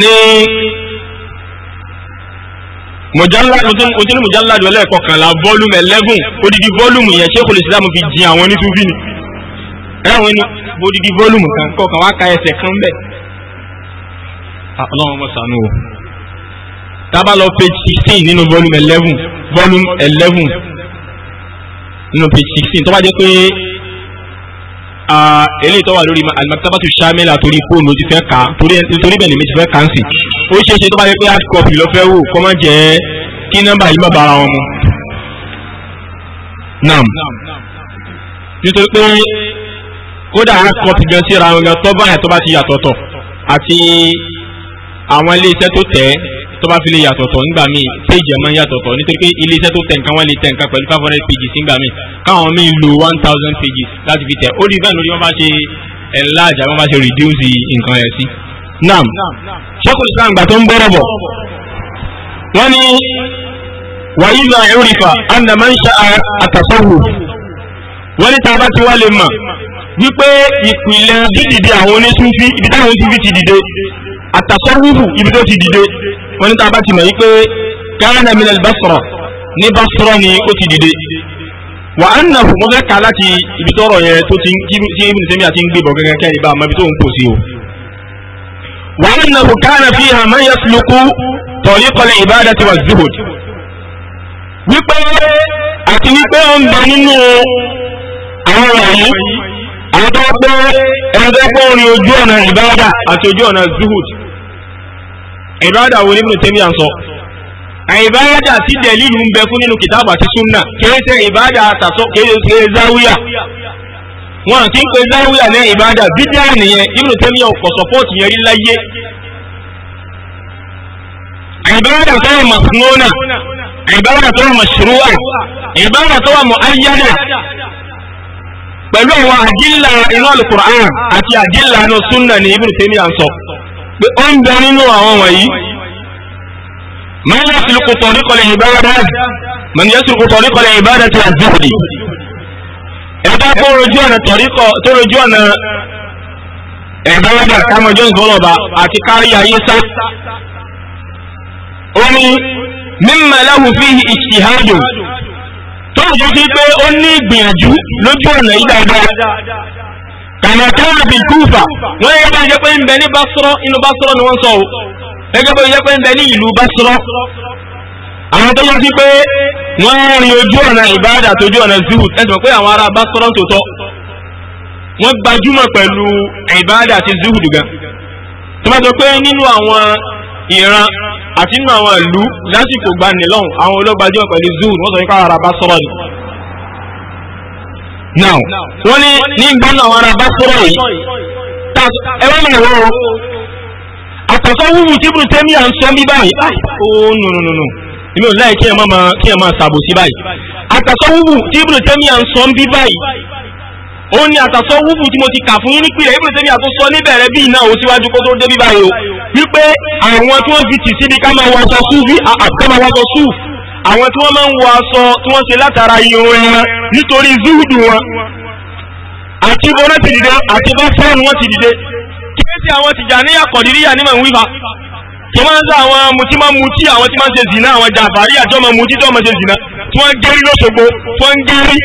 ní mujalladu o ti ní mujalladu ẹlẹ́ẹ̀kọkànlá volume eleven odidi volume yẹn Sheikhul Islam fi jin àwọn oníṣubí ni ẹ̀rọ ni odidi volume kan kọkàn wá ka kan bẹ́ẹ̀ ọlọ́run mọ̀ sànú o tábà lọ page sixteen nínú volume eleven volume eleven nínú page sixteen tó jẹ́ pé eléyìí tó wà lórí alimaktabatu shamila torí fóònù ti fẹ́ kà torí bẹ́ẹ̀ ni mi ti fẹ́ kà ń sì ó ṣeé ṣe tó bá yẹ pé hard copy lọ fẹ́ wò kọ́ má jẹ́ kí nọ́mbà yìí má bára wọn mu. nam nítorí pé kódà hard copy gan síra wọn gan tó bá yàtọ̀ bá ti yàtọ̀tọ̀ àti àwọn iléeṣẹ́ tó tẹ̀ tó bá fi lè yàtọ̀tọ̀ ńgbà míì péjì ẹ̀ máa ń yàtọ̀tọ̀ nítorí pé iléeṣẹ́ tó tẹ̀ nǹkan wọ́n lè tẹ̀ nǹkan pẹ̀lú five hundred pages ńgbà míì káwọn míì lo one thousand pages láti fi tẹ̀ ó di bẹ́ẹ̀ lórí wọ́n bá ṣe enlarge àwọn bá ṣe reduce nǹkan ẹ̀ sí. nam Sheikhul Islam gbà tó ń bọ̀rọ̀ bọ̀ wọ́n ní wàyí náà ẹ̀rìfà anna man sha'a àtàsọ́wò wọ́n ní tàbá ti wá lè mà wípé ìpìlẹ̀ dídìde àwọn onísúnfí ibi táwọn onísúnfí ti dìde àtàṣọ́rùfù ibi tó ti dìde wọ́n ní tá a bá ti mọ̀ wípé káàna min al-Basra ní Basra ni ó ti dìde wà á nà fún mọ́fẹ́ ká láti ibi tọ́rọ̀ yẹn tó ti tí Ibn Taymiyyah àti ń gbé bọ̀ gẹ́gẹ́ kẹ́ ìbá àmọ́ ibi tó ń pò sí o. wà á nà fún káàna fiha man yasluku tariqa al-ibadati wa az-zuhd wípé àti wípé ó ń bẹ nínú àwọn ọ̀rọ̀ yìí àwọn tó pé ẹni tó pé orin ojú ọ̀nà ìbáradà àti ojú ọ̀nà zuhud ìbáradà wo ni Ibn Taymiyyah ń sọ ìbáradà tí dẹ̀lílù ń bẹ fún nínú kìtàbù àti súnà kìí ṣe ìbáradà àtàtọ́ kìí ṣe záwíyà wọn kì í pe záwíyà ní ìbáradà bídíà nìyẹn Ibn Taymiyyah kò sọ́pọ́ọ̀tì yẹn rí láyé ìbáradà tó wà masnuna ìbáradà tó wà mashru'a ìbáradà tó wà mu'ayyada pẹ̀lú àwọn àdílà inú alukur'an àti àdílà inú súnà ní ibùdó tèmi à ń sọ pé ó ń bẹ nínú àwọn wọ̀nyí mẹ́lá sílùkù tọ̀rí kọlẹ̀ ìbáradà mẹ́lá sílùkù tọ̀rí kọlẹ̀ ìbáradà ti àzíhùdì ẹ̀dá tó rojú ọ̀nà tọ̀ríkọ̀ tó rojú jones bọ́lọ̀bà àti kárí ayé sá ó mímọ̀ láhùn fíhì ìṣìhádùn tó ń jẹ́ sí pé ó ní ìgbìyànjú lójú ọ̀nà yìí dáadáa kàmá káwọn bí kúfà wọ́n yẹ bá jẹ́ pé ń bẹ ní Basra inú Basra ni wọ́n sọ o pé ń bẹ ní ìlú Basra àwọn tó yẹ pé rin ojú ọ̀nà ìbáradà tójú ọ̀nà zuhud sọ pé àwọn ará gbajúmọ̀ pẹ̀lú ìbáradà àti zuhud gan tó bá ìran àti nínú àwọn ìlú lásìkò gba nílọ́hùn àwọn olóògbàjọ́ pẹ̀lú zoo wọ́n sọ nípa ara bá ni. now wọ́n ní ní gbọ́nà àwọn ara bá sọ̀rọ̀ yìí ẹ wọ́n mọ̀ wọ́n àtọ̀kọ́ wúwú tí ibùdó tẹ́mí à ń sọ bí báyìí ah, ó nù nù nù nù ilé òláì kí ẹ máa kí ẹ máa ṣàbòsí báyìí àtọ̀kọ́ wúwú tí ibùdó tẹ́mí à ń sọ bí báyìí ó ní àtàsọ wúfù tí mo ti kà fún yín nípìnlẹ̀ Ibn Taymiyyah tó sọ níbẹ̀rẹ̀ bíi náà ó síwájú kó tó dé bí báyìí o wípé àwọn tí wọ́n fi tì síbi ká máa wọ aṣọ súùfù ká máa wọ aṣọ súùfù àwọn tí wọ́n máa ń wọ aṣọ tí wọ́n ṣe látara irun ẹran nítorí zúùdù wọn àti bọ́nà ti dìde àti bá fẹ́ẹ̀nù wọn ti dìde kéèsì àwọn Tìjàníyà Kọ̀dìríyà ní màá ń tí wọ́n ń sá àwọn mutí máa ń mutí àwọn tí máa ń ṣe zìnà àwọn jàǹfààrí àti ọmọ mutí tí wọ́n máa ń ṣe zìnà tí wọ́n ń gẹ́rí lọ́sọ̀gbọ̀ tí wọ́n ń gẹ́rí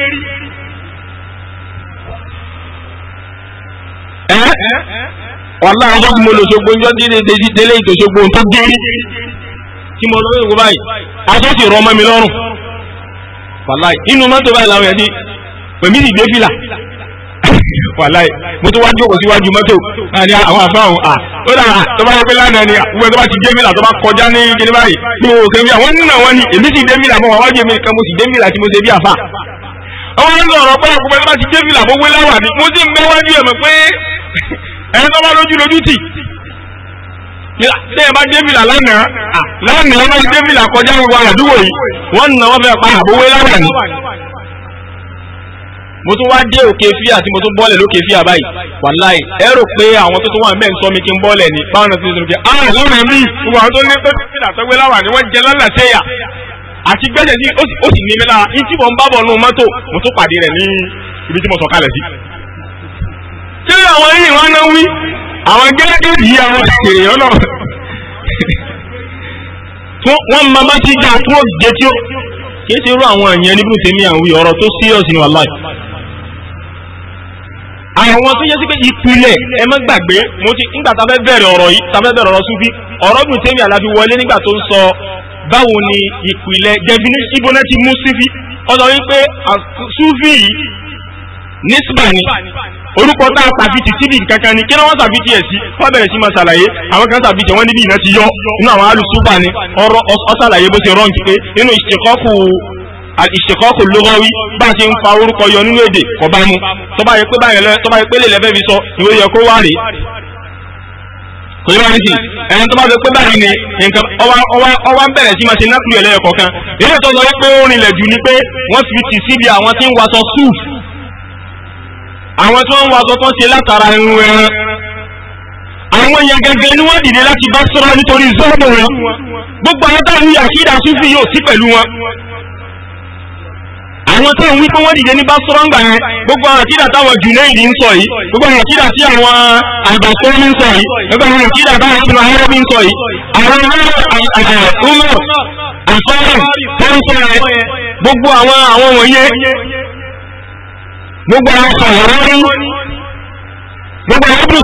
ẹ́ ọ̀la ọjọ́ tí mo lò ṣogbo ọjọ́ tí délé ìtòṣogbo tó gé tí mo lọ́wọ́ ìwọ báyìí aṣọ ti rọ ọmọ mi lọ́rùn wàláì inú mọ́tò báyìí làwọn yẹn ti pèmí sì gbé fìlà wàláì mo tó wá jókòó síwájú mọ́tò àní àwọn àfáàwọn à ó dà tó bá yẹ pé lánàá ni wọ́n tó bá ti dé fìlà tó bá kọjá ní kíní báyìí mo ò kẹ́mi àwọn nínú àwọn ni èmi sì dé fìlà mọ́ àwọn jẹ́ mi kan mo sì dé fìlà tí mo ṣe bí àfà ọmọ nínú ọ̀rọ̀ pé ẹni tó bá lójú lójú tì tẹ́yẹ̀ bá débìlà lánàá lánàá wọ́n ti débìlà kọjá gbogbo àdúgbò yìí wọ́n nà wọ́n fẹ́ pa àbówé lára ni. mo tún wá dé òkè fíà tí mo tún bọ́ọ̀lẹ̀ lókè fíà báyìí wàláì ẹ rò pé àwọn tó tún wà mẹ́rin sọ mi kí n bọ́ọ̀lẹ̀ ni báwọn náà ti sọ pé ah lánàá mi gbogbo àwọn tó ní tó ti fìlà sọgbẹ́ láwà ni wọ́n jẹ lánàá sẹ́yà àti gbẹ́jẹ̀ sí ó sì ní mi lára ní tí mo ń bábọ̀ nù mọ́tò mo tún pàdé rẹ̀ ní ibi tí mo sọ kalẹ̀ sí. kí àwọn ẹ̀yìn wọn náà wí àwọn gẹ́gẹ́ bí àwọn èèyàn fún wọ́n máa bá ti dáa tó jẹ tí ó kìí ṣe irú àwọn èèyàn serious in wàláì. àwọn tó yẹ sí pé ìpìlẹ̀ ẹ má gbàgbé mo ti nígbà tá a fẹ́ bẹ̀rẹ̀ ọ̀rọ̀ yìí tá a fẹ́ bẹ̀rẹ̀ ọ̀rọ̀ súnfí ọ̀rọ̀ bí ni ìpìlẹ̀ definition ibo náà ti mú orúkọ tá a sàfitì síbi kankan ni kí ni wọ́n sàfitì ẹ̀ sí wọ́n bẹ̀rẹ̀ sí máa ṣàlàyé àwọn kan sàfitì wọ́n níbi ìná ti yọ inú àwọn alùsùnfà ni ọ̀rọ̀ ọ̀ṣàlàyé bó ṣe rọ́ǹkì pé inú ìṣèkọ́kù ìṣèkọ́kù lọ́wọ́wí bá a ṣe ń fa orúkọ yọ nínú èdè kò bá mu tó bá yẹ pé lè lẹ́fẹ́ fi sọ ìwé yẹ kó wá rèé kò yẹ báyìí sí ẹni tó bá fẹ́ pé báyìí ni nǹkan ọwá ń bẹ̀rẹ̀ sí máa ṣe nákùrú ẹlẹ́yọ̀ kọ̀ọ̀kan ilé ìtọ́sọ wípé ó rinlẹ̀ jù ni pé wọ́n fi tì síbi àwọn tí ń waṣọ súùfù àwọn tí wọ́n ń wá aṣọ tó ń ṣe látara irun ẹran àwọn èèyàn gẹ́gẹ́ ni wọ́n dìde láti bá sọ́ra nítorí zọ́ọ̀bù wọn gbogbo àwọn táwọn ní àkídà súnfì yóò sí pẹ̀lú wọn àwọn táwọn wí pé wọ́n dìde ní bá sọ́ra ń yẹn gbogbo àwọn àkídà táwọn Junaidi ń sọ yìí gbogbo àwọn àkídà tí àwọn àgbàsọ́ ń sọ yìí gbogbo àwọn àkídà táwọn ìpinnu ayélujára ń sọ yìí àwọn ọmọ àfọwọ́ tó ń sọ yẹn gbogbo àwọn àwọn wọ̀nyẹn gbogbo àwọn sọ̀rọ̀ rí gbogbo àwọn ọdún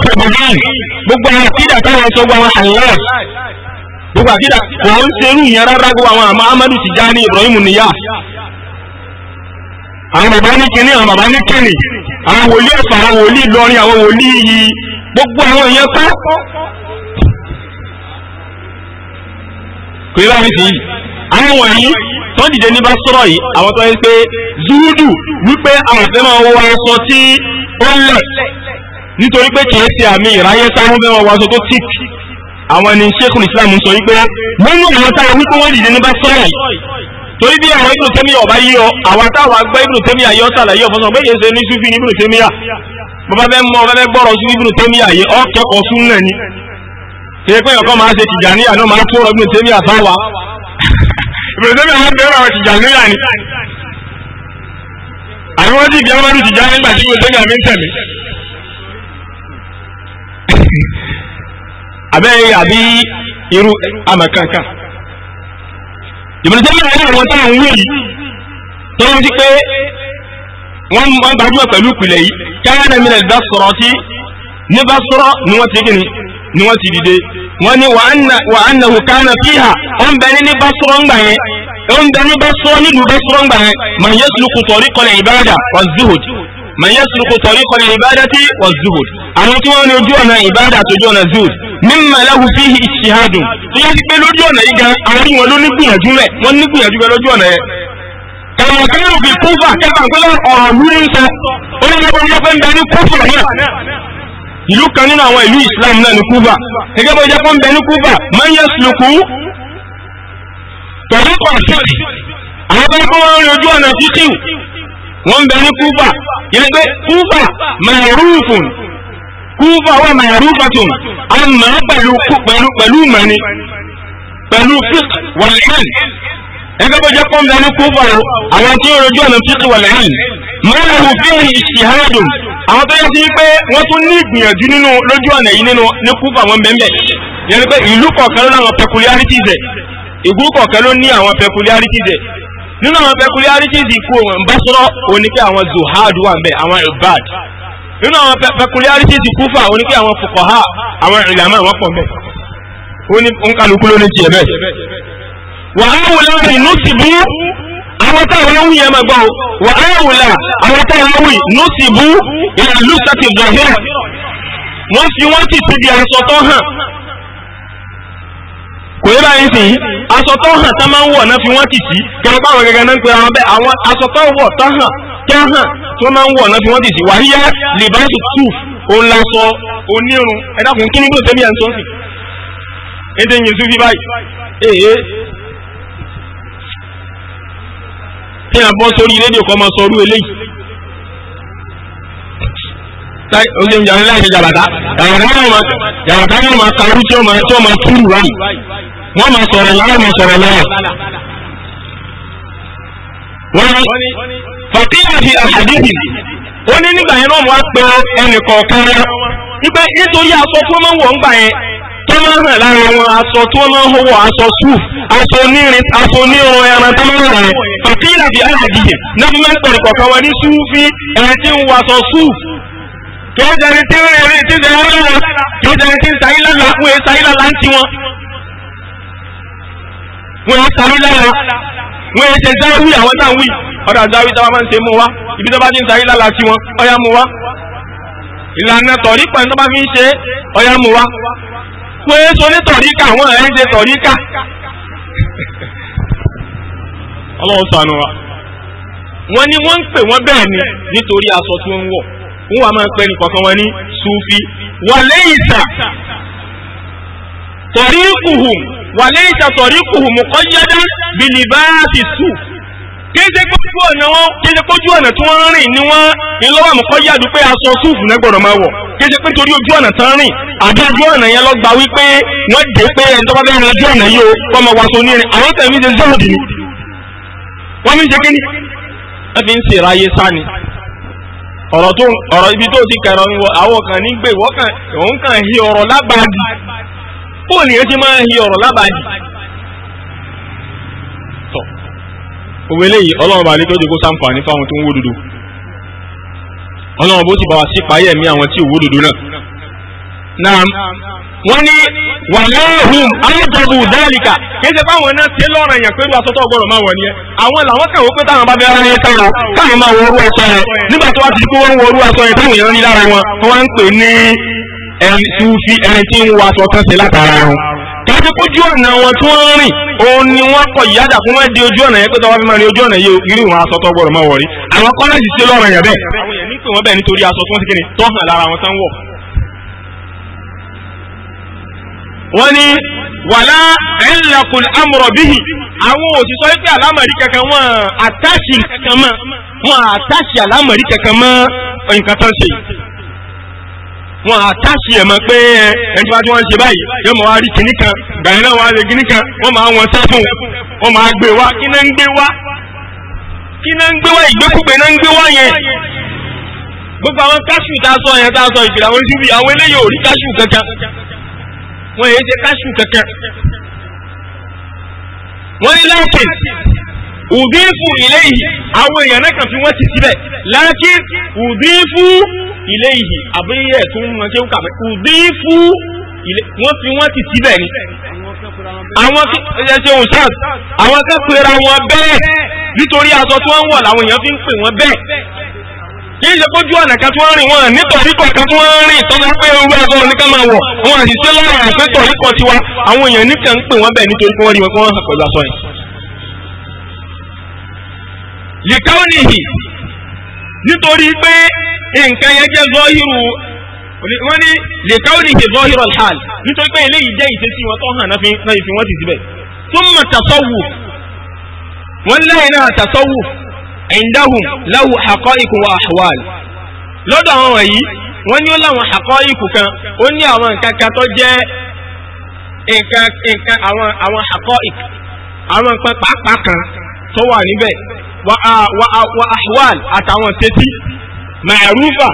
gbogbo àwọn àkídà táwọn sọ gbogbo àlọ́ gbogbo àkídà ń serú ìyẹn rárá gbogbo àwọn àmọ́ Amadu Ibrahim àwọn bàbá gbogbo àwọn pẹ́ tó dìde ní bá sọ̀rọ̀ yìí àwọn tó yẹ pé zúúdù wípé àwọn fẹ́ máa wọ aṣọ tí ó lẹ̀ nítorí pé kìí ṣe àmì ìráyé sáwọn fẹ́ máa wọ aṣọ tó tìk àwọn ẹni ṣékùn Islam sọ wípé nínú àwọn táwọn wípé wọ́n dìde ní bá sọ̀rọ̀ yìí torí bí àwọn Ibn Taymiyyah ọba yí ọ àwọn táwọn agbẹ́ Ibn Taymiyyah yọ sàlàyé ọ̀fọ́sọ̀ bẹ́ẹ̀ ṣe ní Sufi ní Ibn Taymiyyah bàbá bẹ́ẹ̀ mọ bẹ́ẹ̀ gbọ́rọ̀ sí Ibn Taymiyyah yìí ọ́ kẹ́kọ̀ọ́ sún náà ni ṣe pé ọkọ máa ṣe Tìjàníyà náà máa tó rọ Ibn Taymiyyah báwa ìbẹ̀rẹ̀ tẹ́lẹ̀ àwọn bẹ̀rẹ̀ àwọn tìjà níyà ni àbí wọ́n ti jẹ́ mọ́rù tìjà nígbà tí wọ́n tẹ́lẹ̀ àmì ń tẹ̀mí. àbẹ́ àbí irú àmàkàkà ìbẹ̀rẹ̀ tẹ́lẹ̀ àwọn àwọn táwọn wí yìí tó ń di pé wọ́n gbajúmọ̀ pẹ̀lú ìpìlẹ̀ yìí káyọ̀ nàmínà ìdásọ̀rọ̀ tí ní bá sọ̀rọ̀ ni wọ́n ti kí ni ni wọ́n ti dìde wọ́n ní wà á nà hùkánà fíhà ó ń bẹ ní ní Basra ńgbà yẹn ó ń bẹ ní Basra nílùú Basra ńgbà yẹn man yasluku tariqal ibada wa zuhud man yasluku tariqal ibadati wa zuhud àwọn tí wọ́n ní ojú ọ̀nà ìbáradà àti ojú ọ̀nà zuhud mímọ̀ lahu fihi ijtihadun tó yẹ pé lójú ọ̀nà yìí gan àwọn tí wọ́n ló ní ìlú kan nínú àwọn ìlú islam náà ní kúfà gẹ́gẹ́ bó jẹ́ pé ń bẹ ní kúfà máa ń yẹ sùlùkù pẹ̀lú kọ̀ọ̀sẹ̀lì àwọn bá kọ́ wọn rí ojú ọ̀nà fíkìw wọ́n ń bẹ ní kúfà yẹn pé kúfà màrúfùn kúfà wà màrúfàtùn àmà pẹ̀lú pẹ̀lú mẹ́ni pẹ̀lú fík wàlẹ́hìn gẹ́gẹ́ bó jẹ́ pé ń bẹ ní kúfà àwọn tí ó rojú ọ̀nà fíkì wàlẹ́hìn mẹ́rin òfin àwọn tó yẹ sí wípé wọ́n tún ní ìgbìyànjú nínú lójú ọ̀nà yìí nínú ní kúfà wọn bẹ́ẹ̀ yẹn ni pé ìlú kọ̀ọ̀kan ló ní peculiarities ẹ̀ ìlú kọ̀ọ̀kan ló ní àwọn peculiarities ẹ̀ nínú àwọn peculiarities ikú àwọn zohad wà àwọn ibad nínú àwọn peculiarities Kúfà wọn pọ̀ àwọn táwọn ń yẹn máa gbọ́ o wà á yà wùlà àwọn táwọn ń wì ló sì bú ìlànà lùsàtì ìgbàhírà wọ́n fi wọ́n ti síbi aṣọ tó hàn kò yẹ báyìí sìn yìí aṣọ tó hàn tá máa ń wọ̀ náà fi wọ́n ti sí kẹrọ báwọn gẹ́gẹ́ náà ń pe àwọn bẹ́ẹ̀ àwọn aṣọ tó wọ̀ tó hàn tó hàn tó máa ń wọ̀ náà fi wọ́n ti sí wàhíyá libasu tù òun la sọ onírun ẹ̀dá kò kí ni bí o tẹ́lẹ̀ yà ń sọ́ọ̀sì ètò ìyẹn sùn fi báyìí kí n bọ́ sórí rédíò kan máa sọrú eléyìí oṣù ìjà ńlá ìṣe jàbàtà jàbàtà náà máa jàbàtà náà máa karú tí ó máa tí ó máa túrù ráì wọ́n máa sọ̀rọ̀ lára máa sọ̀rọ̀ lára. wọ́n ní fàtíyà fi àṣàdìdì wọ́n ní nígbà yẹn náà wọ́n á pe ẹnì kọ̀ọ̀kan wọn wípé nítorí aṣọ tí wọ́n máa gbà yẹn tó máa rẹ̀ lára wọn aṣọ tí wọ́n máa ń họwọ́ aṣọ sùf aṣọ onírin aṣọ onírun ẹran tó máa rẹ̀ kàkí ìlàbí aláàdìyẹ náà fi máa ń pẹ̀lú kọ̀ọ̀kan wọn ní sùfí ẹni tí ń wọ aṣọ sùf kìí jẹni tí ń rìn rìn tí ń jẹ lọ́la kìí jẹni tí ń sayí lọ́la fún ẹ sayí lọ́la ń ti wọn. wọn ẹ sayí lọ́la wọn ẹ ṣe záwí àwọn náà wí ọ̀dà záwí tí wọ́n máa ń ṣe mú wa ibi tó bá ti ń sayí lọ́la ti wọn ọ̀yà mú wa ìlànà tọ̀rí pẹ̀lú tó bá fi ń ṣe ọ̀yà mú wa. wọ́n yé ní tọ̀ríkà àwọn yé ṣe tọ̀ríkà. ọlọ́run ṣàánú wa wọ́n ni wọ́n ń pè wọ́n bẹ́ẹ̀ ni nítorí aṣọ tí wọ́n ń wọ̀ wọ́n wà máa ń pè ní kọ̀ọ̀kan wọn ní sufi wàléyìísà tọ̀ríkùhùm wàléyìísà tọ̀ríkùhùm muqayyada bilibasi sù kéde kójú ọ̀nà tí wọ́n rìn ni wọ́n ń lọ́wọ́ àmúkọ́yàdú pé aṣọ súùfù náà gbọ́dọ̀ máa wọ̀ kéṣe pé torí ojú ọ̀nà tán rìn àbí ojú ọ̀nà yẹn lọ gba wípé wọ́n dé pé ẹni tó bá fẹ́ rin ojú ọ̀nà yìí o kọ́ ọmọ wàásù onírin àwọn tẹ̀ ṣe zọ́ọ̀dì ni wọ́n mi ṣe kíni wọ́n fi ń ṣe ìráyé sáni ọ̀rọ̀ tó ọ̀rọ̀ ibi tó ti kẹrọ ni àwọn kan ní gbé wọ́n kàn òun kàn hi ọ̀rọ̀ lábàdì ó nìyẹn ti máa hi ọ̀rọ̀ lábàdì tọ̀ òwe léyìí ọlọ́run bá ní kí ó jẹ́ kó sáǹfààní fáwọn tó ń wó dúdú ọlọ́run bó ti bá wa sí payẹ́ mi àwọn tí òwò dodo náà. na wọ́n ní wàláhùn alájọ̀bù dálìkà kì í ṣe fáwọn náà ṣe lọ́rọ̀ èèyàn pẹ̀lú asọ́tọ̀ ọgọ́rọ̀ máa wọ̀ nìyẹn àwọn làwọn kàwé pé táwọn bá bẹ ara yẹn sára táwọn máa wọrú aṣọ yẹn nígbà tó wá ti kó wọn wọrú aṣọ yẹn táwọn èèyàn ní lára wọn wọn ń pè ní ẹni tí ń fi ẹni tí ń wọ aṣọ kan ṣe látara wọn kìí ojú ọ̀nà wọn tí wọ́n rìn òun ni wọ́n kọ ìyáda fún wọn di ojú ọ̀nà yẹn pé tọ́wọ́ fi máa rin ojú ọ̀nà yìí irú ìwọ̀n aṣọ tó máa wọ̀ rí àwọn kọ́lẹ́jì sí lọ́rọ̀ yẹn bẹ́ẹ̀ ń pè wọ́n bẹ́ẹ̀ nítorí aṣọ tí wọ́n ti kéde tó hàn lára wọn tán wọ̀. wọ́n ní wàlá ẹ̀ńlẹ̀kùn amọ̀rọ̀ bíhì àwọn òṣìṣọ́ wípé àlámọ̀rí kankan wọn àtàṣì kankan mọ́ wọn àtàṣì àlámọ̀rí kankan mọ́ nǹkan tán ṣe wọn àtàṣì ẹ̀ mọ́ pé ẹni wá tí wọ́n ń ṣe báyìí yóò máa wá rí kinní kan gbàyẹn náà wá rí kinní kan wọ́n máa wọn sẹ́fún wọ́n máa gbé wá kí náà ń gbé wá kí náà ń gbé wá ìgbékúgbé náà ń gbé wá yẹn gbogbo àwọn káṣù tá a sọ yẹn tá a sọ ìpìlẹ̀ àwọn oníṣubú àwọn eléyìí ò rí káṣù kankan wọ́n yẹn ṣe káṣù kankan. wọ́n ní láàkì ùdífù ilayhi àwọn èèyàn náà kàn fi wọ́n ti síbẹ̀ láàkì ùdífù ilayhi àbíyẹ̀ tó ń mọ̀ kí ó kà mẹ́ ùdífù wọ́n fi wọ́n ti síbẹ̀ ni àwọn ẹsẹ̀ òṣàt àwọn akẹ́kọ̀ọ́ ra wọn bẹ́ẹ̀ nítorí aṣọ tí wọ́n ń wọ̀ làwọn èèyàn fi ń pè wọ́n bẹ́ẹ̀ kì í ṣe kójú ọ̀nà kan tí wọ́n rìn wọ́n nítorí kọ̀ọ̀kan tí wọ́n rìn tọ́lá pé owó ẹ̀fọ́ ní ká máa wọ̀ wọn àti ṣé lọ́rọ̀ àpé tọ̀rí kan tiwa àwọn èèyàn nìkan ń pè wọ́n bẹ́ẹ̀ nítorí pé wọ́n rí wọn kí wọ́n hàn pẹ̀lú aṣọ yẹn. lìkáwọ́ nìyí nítorí pé nǹkan yẹn jẹ́ zọ́hírù wọ́n ní lìkáwọ́ nìyí zọ́hírù alhal nítorí pé eléyìí jẹ́ ìṣesí indahum lahu haqa'iqun wa ahwal lọ́dọ̀ àwọn wọ̀nyí wọ́n ní ó láwọn haqa'iqu kan ó ní àwọn nǹkan kan tó jẹ́ nǹkan nǹkan àwọn àwọn haqa'iq àwọn nǹkan pàápàá kan tó wà níbẹ̀ wa ahwal àtàwọn tẹ́tí ma'rufa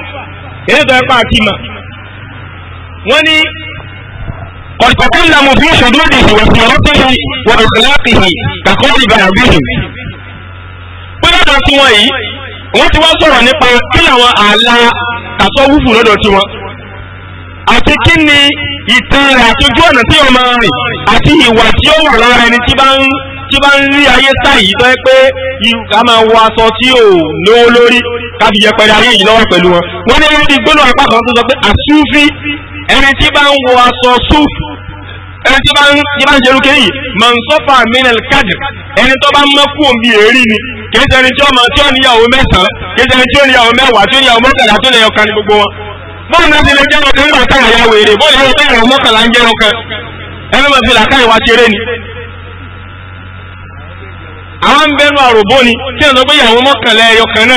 èyí tó ẹ̀pá àti mà wọ́n ní ọ̀sọ̀kúnlá mo fi ń ṣòdúró dìbò ọ̀rọ̀ tó yí wọ̀rọ̀ lọ́dọ̀ tiwọn yìí wọ́n ti wá sọ̀rọ̀ nípa kí làwọn ààlà tasawufu lọ́dọ̀ tiwọn àti kí ni ìtàn rẹ̀ àti ojú ọ̀nà tí ọmọ rìn àti ìwà tí ó wà lára ẹni tí bá ń tí bá ń rí ayé sáyìí tó yẹ pé ká máa wọ aṣọ tí ò lówó lórí káfí yẹpẹrẹ ayé yìí lọ́wọ́ pẹ̀lú wọn. wọ́n ní ẹni gbóná apá kan tó sọ pé àsúfí ẹni tí bá ń wọ aṣọ súf ẹni tí bá ń ṣerú kéyìí mọ̀nsọ́fà mínẹ́l kájì ẹni tó bá ń mọ́kù èrí ni kìí ṣe ẹni tí ọmọ tí ó níyàwó mẹ́sàn-án kìí ṣe ẹni tí ó níyàwó mẹ́wàá tí ó níyàwó mọ́kànlá tó kan ní gbogbo wọn. bọ́ọ̀lù náà ti lè jẹ́ ọkàn ya wèrè bọ́ọ̀lù náà ya mọ́kànlá ń jẹ́ ọkàn ẹni mọ̀ fi làkà ìwà ṣeré ni. àwọn bẹnu àròbó ni tí ẹ̀sọ́ pé ìyàwó mọ́kànlá ẹyọ náà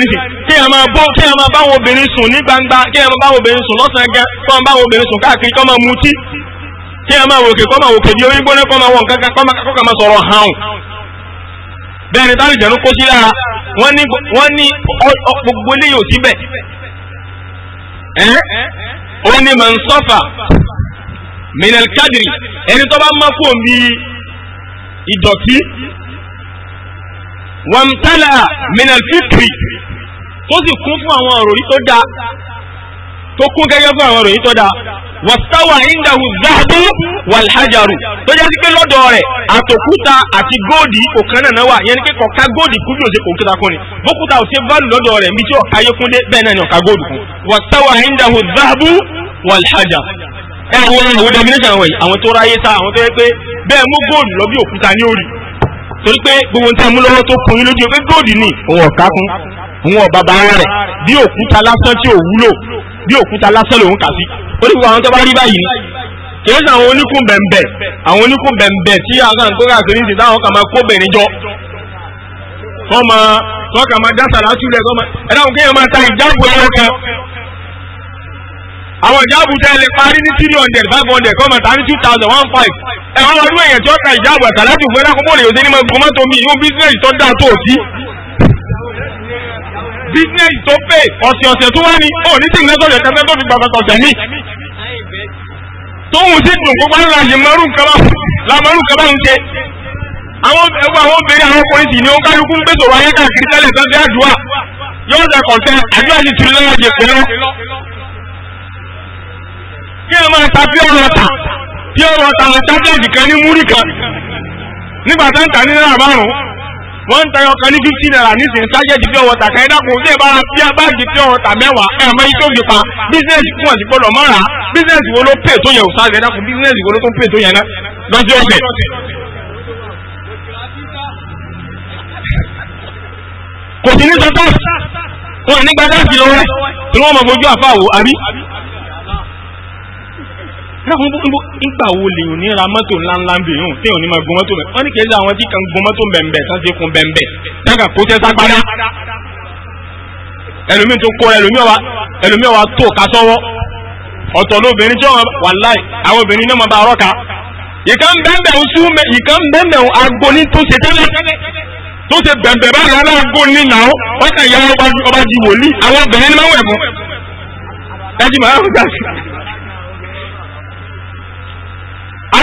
ni. kí ẹ máa kí ẹ máa báwọn obìnrin sùn ní gbangba kí ẹ máa báwọn obìnrin sùn lọ́sàn-án kí ẹ máa báwọn obìnrin sùn káàkiri kí kí ẹ máa wòkè kọ́ máa wòkè di orí gbóná kọ́ máa wọ̀ nǹkan kan kọ́ máa sọ̀rọ̀ hàn bẹ́ẹ̀ ni táwọn ìjànú kó sí lára wọ́n ní gbogbo eléyìí ò síbẹ̀ ó ní mọ̀nsọ́fà minel kadiri ẹni tó bá má kó mi ìdọ̀tí wọ́n tẹ́lẹ̀ minel fitri tó sì kún fún àwọn ọ̀rọ̀ tó dáa tó kún gẹ́gẹ́ fún àwọn ọ̀rọ̀ tó dáa wàstáwà ìndàwù záàbù wàlhájàrù tó jẹ́ sí pé lọ́dọ̀ rẹ̀ àtòkúta àti góòdì òkan náà náà wà yẹn ni pé kọ̀ọ̀ká góòdì kúndì òsè òkúta kún ni bókúta òsè báàlù lọ́dọ̀ rẹ̀ níbi tí ọ̀ka ayékúndé bẹ́ẹ̀ náà ni ọ̀ka góòdì kún wàstáwà ìndàwù záàbù wàlhájà ẹ àwọn àwọn domination àwọn àwọn tó ráyé sá àwọn tó yẹ pé bẹ́ẹ̀ mú góòdì lọ bí òkúta ní òrì torí pé gbogbo nǹkan mú lọ́wọ́ tó kun yín lójú pé góòdì ni òun ọ̀ka kún òun ọ̀bàbà rẹ̀ bí òkúta lásán tí ò wúlò bí òkúta lásán lòun kà sí oníkùn àwọn tó bá rí báyìí ni kìí ṣe àwọn oníkùn bẹ̀m̀bẹ̀ àwọn oníkùn bẹ̀m̀bẹ̀ tí àwọn tó rà sí ní ti táwọn kà máa kó bẹ̀rẹ̀ jọ kọ́ máa kọ́ kà máa dá sàlátù rẹ̀ kọ́ máa ẹ̀dá òun kéèyàn máa ta ìjáàbù ẹ̀rọ kan àwọn ìjáàbù tẹ́ lè parí ní three hundred five hundred kọ́ máa ta two thousand one five ẹ̀wọ́n ọdún èèyàn tí ó ta ìjáàbù àtàlátù fún ẹ̀dá kọ́mọ́ọ̀lì òde ní mọ́tò mi yóò bísíǹsì tó bísínẹ́sì tó pè ọ̀sẹ̀ ọ̀sẹ̀ tó wá ní òní tí nǹkan sọ̀rọ̀ kẹsẹ̀ tó fi gbàgbà sọ̀sẹ̀ mí. tóun sì dùn kó wáyé láàyè márùn kaba lámárùn kaba ń ṣe. àwọn ẹgbẹ́ àwọn obìnrin àwọn ọkùnrin sì ni ó kálukú ń pèsè wáyé káàkiri tẹ́lẹ̀ sábẹ́ àdúrà yóò ṣe kọ̀ǹtẹ́ àdúrà sì tún lọ́wọ́ jẹ pẹ̀lú. kí ẹ máa ta pure water pure water tablet kan ní múrí kan nígbà tá ń ta ní náírà márùn-ún wọ́n ń tayọ kan ní fifty naira nísìnyí tájẹ́jì pure water kan ẹ̀dá kun bí ẹ bá ra bí abáàgì pure water mẹ́wàá ẹ̀ mọ iye tó fi pa bísíǹsì kún ọ̀sìn gbọ́dọ̀ mọ́ ra bísíǹsì wo ló pè tó yẹ òsán ẹ̀dá kun bísíǹsì wo ló tó pè tó yẹ lọ́jọ́ ọ̀sẹ̀. kò sí ní sọ táàsì wọn ò ní gba táàsì lọ́wọ́ rẹ̀ tí wọ́n mọ̀ fojú àfáà wò àbí ráhùn bó ńgbà wo lèyìn ní ra mọ́tò ńláńlá bẹ̀ yìí téèyàn ní ma gun mọ́tò mẹ́ wọ́n ní kìí ṣe àwọn tí kan gun mọ́tò bẹ̀m̀bẹ̀ sáṣe kun bẹ̀m̀bẹ̀ dáka kó tẹ́ sagbada ẹlòmíì tó kó ẹlòmíì wa tó ka sọ́wọ́ ọ̀tọ̀ lóbìnrin tí wọ́n wàláì àwọn obìnrin náà ma ba ọ̀rọ̀ ka ìkan bẹ̀m̀bẹ̀ ń sú ìkan bẹ̀m̀bẹ̀ ń agbo ní tó ṣe tẹ́lẹ̀ tó ṣe bẹ̀m̀bẹ̀ bá rà láàgó ní nàá wọ́n kà ya ọba di wòlíì àwọn obìnrin ni máa ń wẹ̀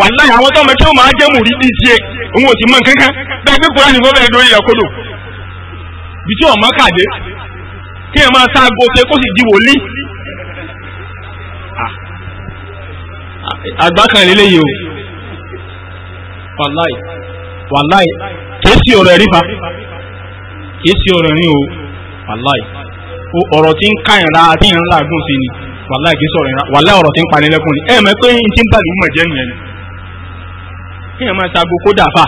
wàláhì àwọn tó ọmọ kí wọ́n máa jẹ́ mùrí ní tiẹ̀ òun ò sì mọ nǹkan kan bẹ́ẹ̀ bí kúránì fún bẹ́ẹ̀ dórí ẹ̀kọ́ lò bí tí wọ́n máa kàdé kí ẹ̀ máa sáago ṣe kó sì di wòlíì. àgbà kan lélẹ́yìí o wàláhì wàláhì kìí sí ọ̀rọ̀ ẹ̀rí fa kìí sí ọ̀rọ̀ ẹ̀rí o wàláhì ọ̀rọ̀ tí ń káyìn ra àti ìrìnlá àgùn sí ni wàláhì kìí sọ̀rọ̀ ìrìnlá wàláhì ọ̀rọ̀ tí ń panilẹ́kùn ni ẹ̀ mẹ́ pé n ti ń bàlùmọ̀ jẹ́ nìyẹn ni kéèyàn máa sago kó dàfà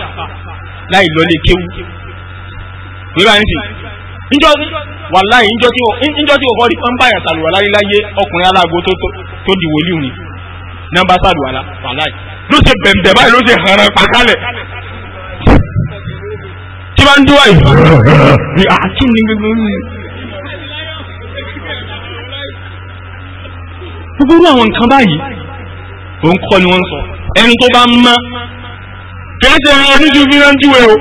láì lọlé kéwú nígbà yẹn sì njọ wàláyé njọ tí njọ tí òfò wọn bá yàn sàlùwà láyé láyé ọkùnrin aláàgó tó tó di wòlíì ni nàmbá sàlùwà lá wàláyé ló ṣe bẹ̀m̀bẹ̀ báyìí ló ṣe hàn án pàkálẹ̀ tí bá ń dúwà yìí àti ní ah, gbogbo mi. gbogbo àwọn nǹkan báyìí òun kọ́ ni wọ́n sọ ẹni tó bá ń mọ́ kìí ṣe ẹran oníṣu fi náà ń júwe o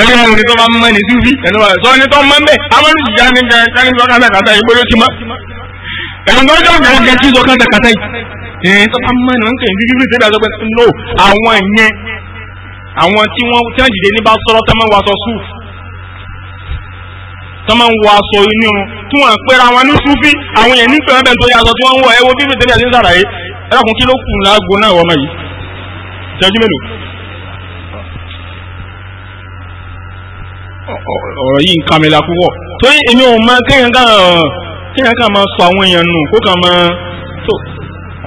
ẹ̀rọ ọ̀run ni tó máa ń mọ ẹni tí fi ẹ̀rọ ọ̀run sọ ni tó máa ń bẹ̀ amọ́ni ti já ní kẹ́kẹ́ ní sọ́kàtà kàtà yìí gbọ́dọ̀ ti mọ́ ẹ̀rùn tó jọ̀ kẹ́kẹ́ kẹ́kẹ́ sọ́kàtà kàtà yìí ẹ̀yìn tó máa ń mọ ẹni wọn kẹ́ ní fífi ṣe dájọ́ pé no àwọn ìyẹn àwọn tí wọ́n tí wọ́n dìde ní bá sọ̀rọ̀ tó máa ń wọ aṣọ súùf tó máa ń wọ aṣọ inú tí wọ́n pẹ́ra wọn ní súfí àwọn yẹn nífẹ̀ẹ́ wọn bẹ́ẹ̀ tó yẹ aṣọ tí wọ́n ń wọ ẹ wo fífi ṣe bí àti ń sàlàyé ẹ lọ́kùn kí ló kù lágbo náà wọ́n máa yìí ọ̀rọ̀ yìí ń ka mi la púpọ̀ torí èmi ò máa kéèyàn kàn kéèyàn kàn máa sọ àwọn èèyàn nù kó kàn máa tó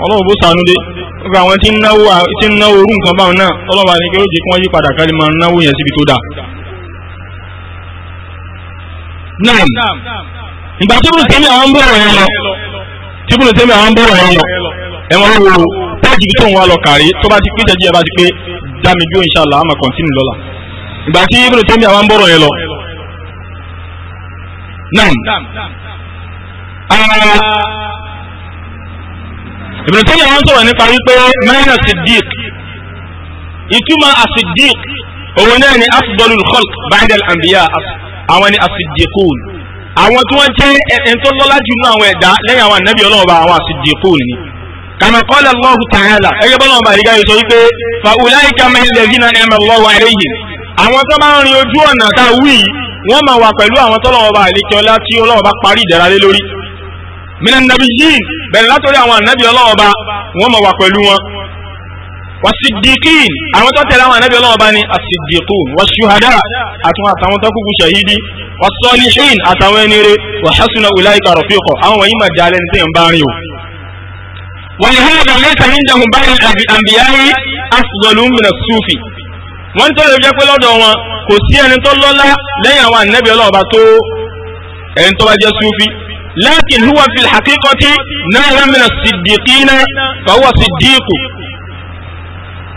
ọlọ́run bó sànú dé gbogbo àwọn tí ń náwó tí ń náwó orú nǹkan báwọn náà ọlọ́run àti kí ló jẹ́ kí wọ́n yí padà kárí máa náwó yẹn síbi tó dáa. náà ìgbà tí bùrù tẹ́mi àwọn ń bọ̀rọ̀ yẹn lọ tí bùrù tẹ́mi àwọn ń bọ̀rọ̀ yẹn lọ ẹ̀wọ̀n wo pẹ́ẹ́jì tó ń wá lọ kàrí tó bá ti pé ìṣẹ́jú yẹn bá ti pé dá mi dúró inshallah àmà kọ́ntínú lọ́la ìgbà tí Ibn Taymiyyah àwọn ń bọ̀rọ̀ yẹn lọ. Naam. Ah, Ibn Taymiyyah àwọn sọ̀rọ̀ nípa wípé mẹ́rin Siddiq ìtumọ̀ As-Siddiq òun náà ni afdalul khalq ba'da al-anbiya àwọn ni as àwọn tí wọ́n jẹ́ ẹ̀ẹ́n lọ́lá jù náà àwọn ẹ̀dá lẹ́yìn àwọn ànábì ọlọ́ọ̀bà àwọn as ni kama qala Allahu ta'ala ẹgbẹ́ bọ́lọ́ọ̀bà àrígáyọ̀ sọ wípé fa ulaika mẹ́rin lẹ́yìn ẹ̀mẹ́ lọ́wọ́ àríyìn àwọn tó bá ń rin ojú ọ̀nà tá a wí wọ́n máa wà pẹ̀lú àwọn tọ́lọ́wọ́ bá àlékè ọlá tí ọlọ́wọ́ bá parí ìdára lé lórí minan nabiyyin bẹ̀rẹ̀ látọ̀rí àwọn ànábì ọlọ́wọ́ bá wọ́n máa wà pẹ̀lú wọn wàsídìkín àwọn tó tẹ̀lé àwọn ànábì ọlọ́wọ́ bá ní àsídìkún wàṣúhadà àtúnwà àtàwọn tó kúkú ṣàhídì wàsọ́líhìn àtàwọn ẹni rere sufi wọ́n tó lè jẹ́ pé lọ́dọ̀ wọn kò sí ẹni tó lọ́lá lẹ́yìn àwọn ànẹ́bí ọlọ́ọ̀bá tó ẹni tó bá jẹ́ súfí lakin huwa fi hakikati náírà mìíràn siddiqina fahuwa siddiqu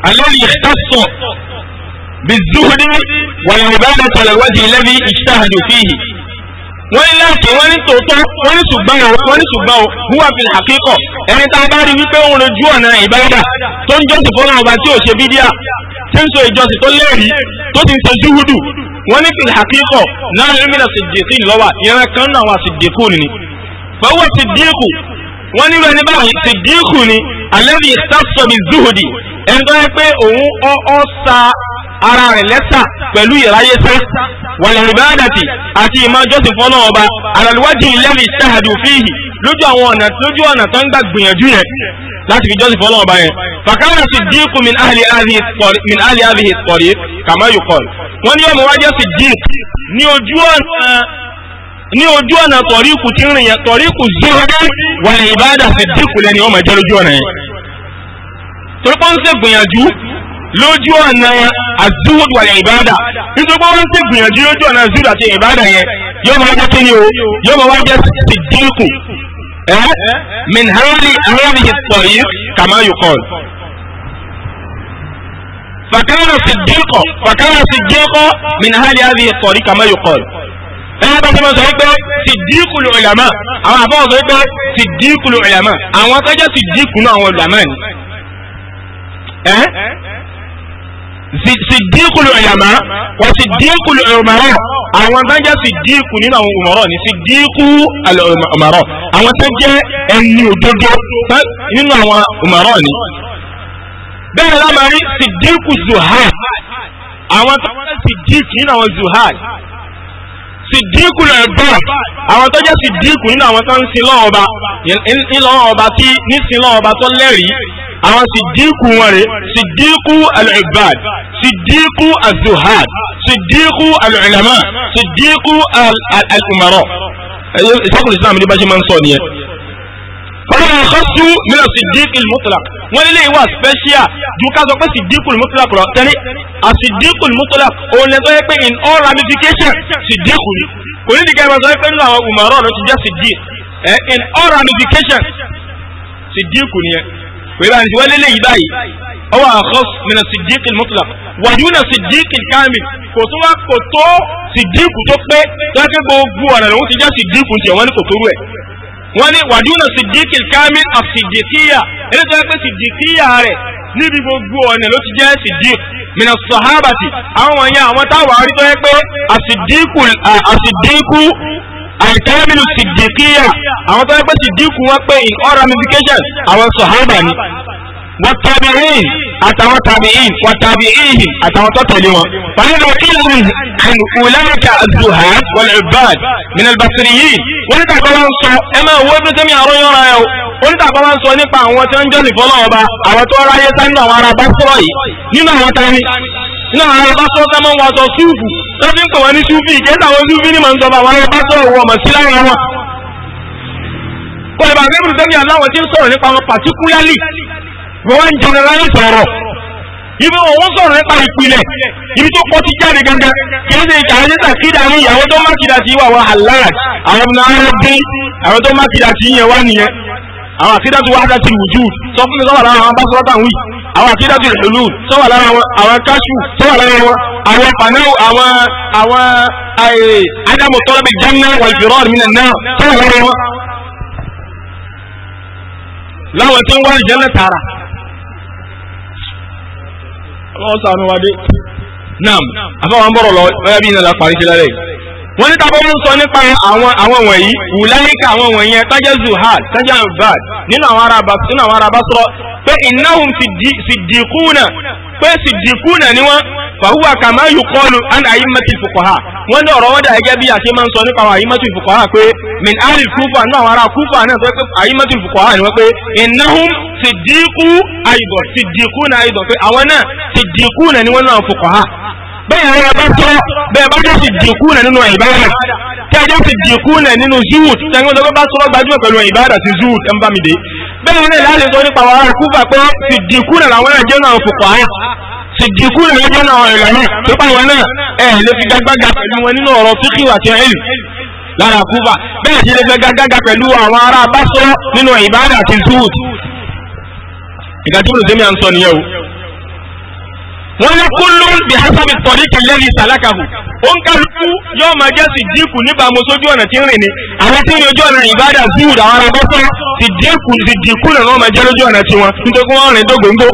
alladhi ikhtassa bizuhdi wal ibadati ala alwajhi alladhi ijtahadu fihi wọ́n ní láti wọ́n ní tòótọ́ wọ́n ní ṣùgbọ́n wọ́n ní ṣùgbọ́n huwa fi hakikọ tí ń sọ ìjọsìn tó lẹ́rìí tó ti ń sọ júhùdù wọ́n ní fìlà àkíkọ̀ náà ní mílíọ̀nù sìdìkì lọ́wọ́ ìran kan náà wà sìdìkù ni. pẹ̀wọ́ sìdìkù wọ́n nílò ẹni báyìí sìdìkù ni alẹ́bí ìsásọ̀bì zuhudi ẹni tó yẹ pé òun ọ́ sa ara rẹ̀ lẹ́sà pẹ̀lú ìráyé sá wàlẹ̀ rìbáàdàtì àti ìmọ̀ ìjọsìn fọ́nà ọba àlàlùwájú ìlẹ́rìí sáhàdù fíhì lójú àwọn ọ̀nà lójú ọ̀nà tó ń gbà gbìyànjú yẹn láti fi jọ́sìn fọlọ́wọ́n bá yẹn fàkàrà siddiq min ahli hadhihi at-tariq kama yuqal wọ́n ní ọmọ wájẹ́ siddiq ní ojú ọ̀nà ní ojú ọ̀nà tọ̀ríkù tí ń rìn yẹn tọ̀ríkù zuhud wà ní ìbádà siddiq lẹ́ni ọmọ jẹ́ lójú ọ̀nà yẹn torí pé ó ń ṣe gbìyànjú lójú ọ̀nà az-zuhud wal ìbádà nítorí pé wọ́n ń ṣe gbìyànjú lójú ọ̀nà az-zuhud àti ìbádà yẹn yóò máa jẹ́ kí ni o yóò máa wá jẹ́ siddiq min hali hali sọ̀rí kàmá yòkọ́n. fakana siddiqo fakana siddiqo min hali hali sọ̀rí kàmá yòkọ́n. ẹ̀yà tó ń sọ wípé siddiqul ulama àwọn àbọ̀ sọ wípé siddiqul ulama àwọn akẹ́jọ́ siddiqu náà àwọn ulama ni siddiqul ulama wa siddiqul umara àwọn tó ń jẹ́ siddiqu nínú àwọn umara ni siddiqu al-umara àwọn tó jẹ́ ẹni òdodo nínú àwọn umara ni bẹ́ẹ̀ lámàrí siddiqu zuhad àwọn tó ń jẹ́ siddiqu nínú àwọn zuhad sídìkù lẹ̀ bọ̀ àwọn tó jẹ́ sídìkù nínú àwọn tó ń sin lọ́wọ́ ọba ńlọ́wọ́ ọba tí ní sin lọ́wọ́ ọba tó lẹ́rìí àwọn sídìkù wọn rè sídìkù al-ibad sídìkù az-zuhad sídìkù al ìṣàkùnrin islam ní bá ṣe máa ń sọ nìyẹn alkhassu min as-siddiq al-mutlaq wọ́n lè wà special ju ká sọ pé siddiq al-mutlaq lọ tẹ́lẹ̀ as-siddiq al-mutlaq òun lè sọ pé in all ramification siddiq ni kò ní dìgbà ìbáṣọ pé nínú àwọn umaro ló ti jẹ́ siddiq in all ramification siddiq ni ẹ kò yẹ bá ní wọ́n lè yí báyìí ọwọ́ alkhassu min as-siddiq al-mutlaq wa duna siddiq al-kamil kò tó wá kò tó siddiq tó pé tó yẹ kí gbogbo ọ̀nà lòun ti jẹ́ siddiq tiẹ̀ wọ́n ní kò ẹ̀ wọ́n ní wàdúnà sìdíkì kámil àfìdíkìyà ẹni tó yẹ pé sìdíkìyà rẹ̀ níbi gbogbo ọ̀nà ló ti jẹ́ sìdík mina sọ̀hábàtì àwọn wọ̀nyí àwọn táwọn àrí tó yẹ pé àsìdíkù àsìdíkù àìkámìlù sìdíkìyà àwọn tó yẹ pé sìdíkù wọn pé in all ramifications àwọn sọ̀hábà ni wọ́tàbíìn àtàwọn tàbíìn wọ́tàbíìn àtàwọn tó tẹ̀lé wọn. fàlínà ìlú ìlànà àdùhà wọlé ìbáàd minal basiriyin. wọ́n ní tàbí wọ́n sọ ẹ máa wọ ẹbí tẹ́mi àrùn yọ̀ọ̀ra ẹ̀ o. wọ́n tàbí wọ́n sọ nípa àwọn tí wọ́n ń jọ́sìn fọ́lọ́ ọba àwọn tó ráyé sá nínú àwọn ará básọ́rọ̀ yìí nínú àwọn tani nínú àwọn ará básọ́rọ̀ tá máa ń wọṣọ súùfù lọ́sìn pè wọ́n ní súùfì ìjẹ́ta àwọn súùfì ní màá ń sọ̀bà àwọn ará básọ́rọ̀ wọ̀ mọ̀ sí lára wọn. kọ́lẹ̀ bàbá wọ́n ń generalize ọ̀rọ̀ ibi wọn wọ́n sọ̀rọ̀ nípa ìpìlẹ̀ ibi tó kọ́ ti jáde gangan kìí ṣe ìkàwé sàkídà ní ìyàwó tó má kìdà sí wàwọ̀ aláàt àwọn ọmọ náà dín àwọn tó má kìdà sí yẹn wá nìyẹn àwọn àkídà tó wá dàtí wùjú sọ fún mi sọ́wọ́ lára àwọn abáṣọ́ wí àwọn àkídà tó ìlú sọ́wọ́ lára àwọn káṣù sọ́wọ́ lára wọn àwọn panáwó àwọn àwọn ádámù tọ́lábì jáná wàlfìrọ́ọ̀rì láwọn tí ń wá ìjẹ́lẹ̀ tààrà wọn sànù wa dé. naam àbáwọn lọ ọyá bí iná la parí sí lálẹ́ yìí. wọ́n ní tàbí wọ́n sọ nípa àwọn àwọn wọ̀nyí wùláyíkà àwọn wọ̀nyí tájẹ́ zuhad tájẹ́ abad nínú àwọn ará basrọ̀ pé ìnáhùn sì dìkúnà pé sìdìkú náà ni wọ́n fàhùwà kàmá yuqalu an a'immati fuqaha wọ́n ní ọ̀rọ̀ wọ́n dà gẹ́gẹ́ bí a ṣe máa ń sọ nípa àwọn a'immati fuqaha pé min ahli kúfà náà àwọn ará kúfà náà sọ pé a'immati fuqaha ni wọ́n pé innahum sìdìkú àìdọ̀ sìdìkú náà àìdọ̀ pé àwọn náà sìdìkú náà ni wọ́n náà fuqaha bẹ́ẹ̀ ni bá tọ́ bẹ́ẹ̀ bá tọ́ sìdìkú náà nínú ìbára tẹ́jọ́ ti dìkú nẹ̀ nínú zuwud tẹ́gbọ́n tó bá sọ́rọ́ gbajúmọ̀ pẹ̀lú ìbáàdà sí zuwud ẹ̀ ń bá mi dé bẹ́ẹ̀ ni láti sọ nípa wàhálà rìkúfà pé ti dìkú nẹ̀ làwọn ẹ̀jẹ̀ náà fòkò ayà ti dìkú nẹ̀ lẹ́jọ́ náà ẹ̀rọ náà tó bá wọn náà ẹ̀ lè fi gbàgbàgà pẹ̀lú wọn nínú ọ̀rọ̀ fíkì àti ẹ̀lù lára kúfà bẹ́ẹ̀ ti lè fẹ́ gbàgbàgà pẹ̀lú àwọn ará bá sọ́rọ́ nínú ìbáàdà àti zuwud ìgbà tí mo lè wọ́n ní kúlùm bí hasabi sọ̀rí kẹlẹ́rì sàlákàhù ó ń kálukú yóò máa jẹ́ sì dínkù níbàámu sójú ọ̀nà tí ń rìn ni àwọn tí ń yọjú ọ̀nà ìbádà zuud àwọn arábọ́sọ́ ti dínkù ti dínkù lẹ̀ wọ́n máa jẹ́ lójú ọ̀nà tiwọn nítorí wọ́n rìn dógóńgó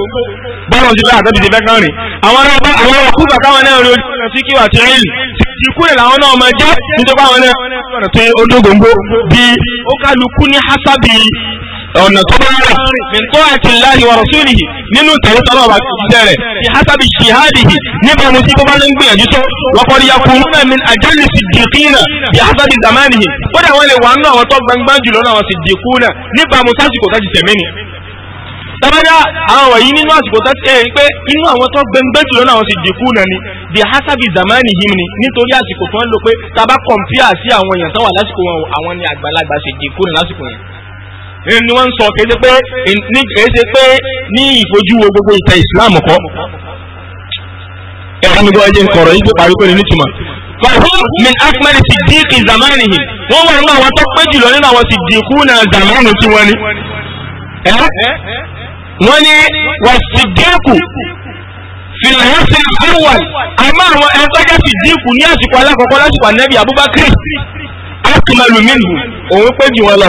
báwọn ti bá àtàbí ti fẹ́ kán rìn àwọn arábọ́ àwọn ọkùnrin káwọn náà rí ojú ọ̀nà tí kíwà ti rìn dínkù lẹ̀ làwọn náà máa jẹ́ nítorí wọ́n rìn dógóńgó bí ó kálukú ní hasabi ọ̀nà tó bá rẹ̀ nìtọ́ àti láàyè wa rasulihi nínú tẹ̀lé tọ́lọ́ ọba jíjẹ rẹ̀ fi hasabi jihadihi nípa mo ti bó bá ń gbìyànjú tó wọ́pọ̀ ní yakununa min ajalli siddiqina fi hasabi zamanihi ó dà wọ́n lè wà nínú àwọn tó gbangban jùlọ náà wọ́n siddiquna nípa mo sásìkò tó ti tẹ̀mí ni. tabaja àwọn wọ̀nyí nínú àsìkò tó ti ẹ̀ pé inú àwọn tó gbangban jùlọ náà wọ́n siddiquna ni bi hasabi zamanihi ni nítorí àsìkò tó ń lò pé tabakọ̀mpíà sí àwọn èèyàn tó wà wọn àwọn ni àgbàlagbà siddiquna lásìkò yẹn ni wọ́n ń sọ kéde pé kéde pé ní ìfojúwo gbogbo ìtẹ̀ Islam kọ́ ẹ̀rọ mi gbọ́dọ̀ jẹ́ nkọ̀rọ̀ yìí tó parí pé nítumọ̀. fahum min akmali siddiqi zamanihim wọ́n wà nínú àwọn tó pé jùlọ nínú àwọn siddiquna zamani tí wọ́n ní. wọ́n ní wà siddiqu filhassan awal àmọ́ àwọn ẹ̀ńtọ́jà siddiqu ní àsìkò alákọ̀ọ́kọ́ lásìkò anabi Abubakar akimalu minhu òun pé jù wọn lọ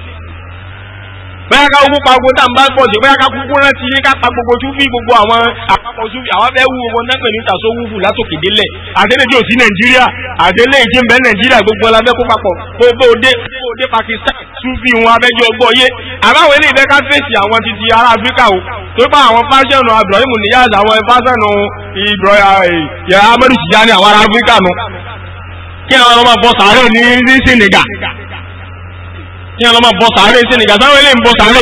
bóyá ká kúkú pa ogun tá n bá pọ̀ sí bóyá ká kúkú rántí ká pa gbogbo súfì gbogbo àwọn àpapọ̀ súfì àwọn fẹ́ wú owó náà pẹ̀lú ìtàsó wúfù látòkè délẹ̀ àtẹ́lẹ̀ tí ò sí nàìjíríà àtẹ́lẹ̀ ìjì ń bẹ nàìjíríà gbogbo ọlá fẹ́ kó papọ̀ gbogbo òde òde pakistan súfì wọn abẹ́jọ́ ọgbọ́ yé àbáwọn eléyìí fẹ́ ká fèsì àwọn titi ará áfíríkà o tó bá àwọn fásánù ibrahim niyaz àwọn fásánù ibrahim eh, amadu tijani àwọn ará áfíríkà nu kí àwọn ọmọ bọ sàárẹ̀ ní sí kí wọn lọ máa bọ sàárè sí nìkan sáwọn eléyìí ń bọ sàárè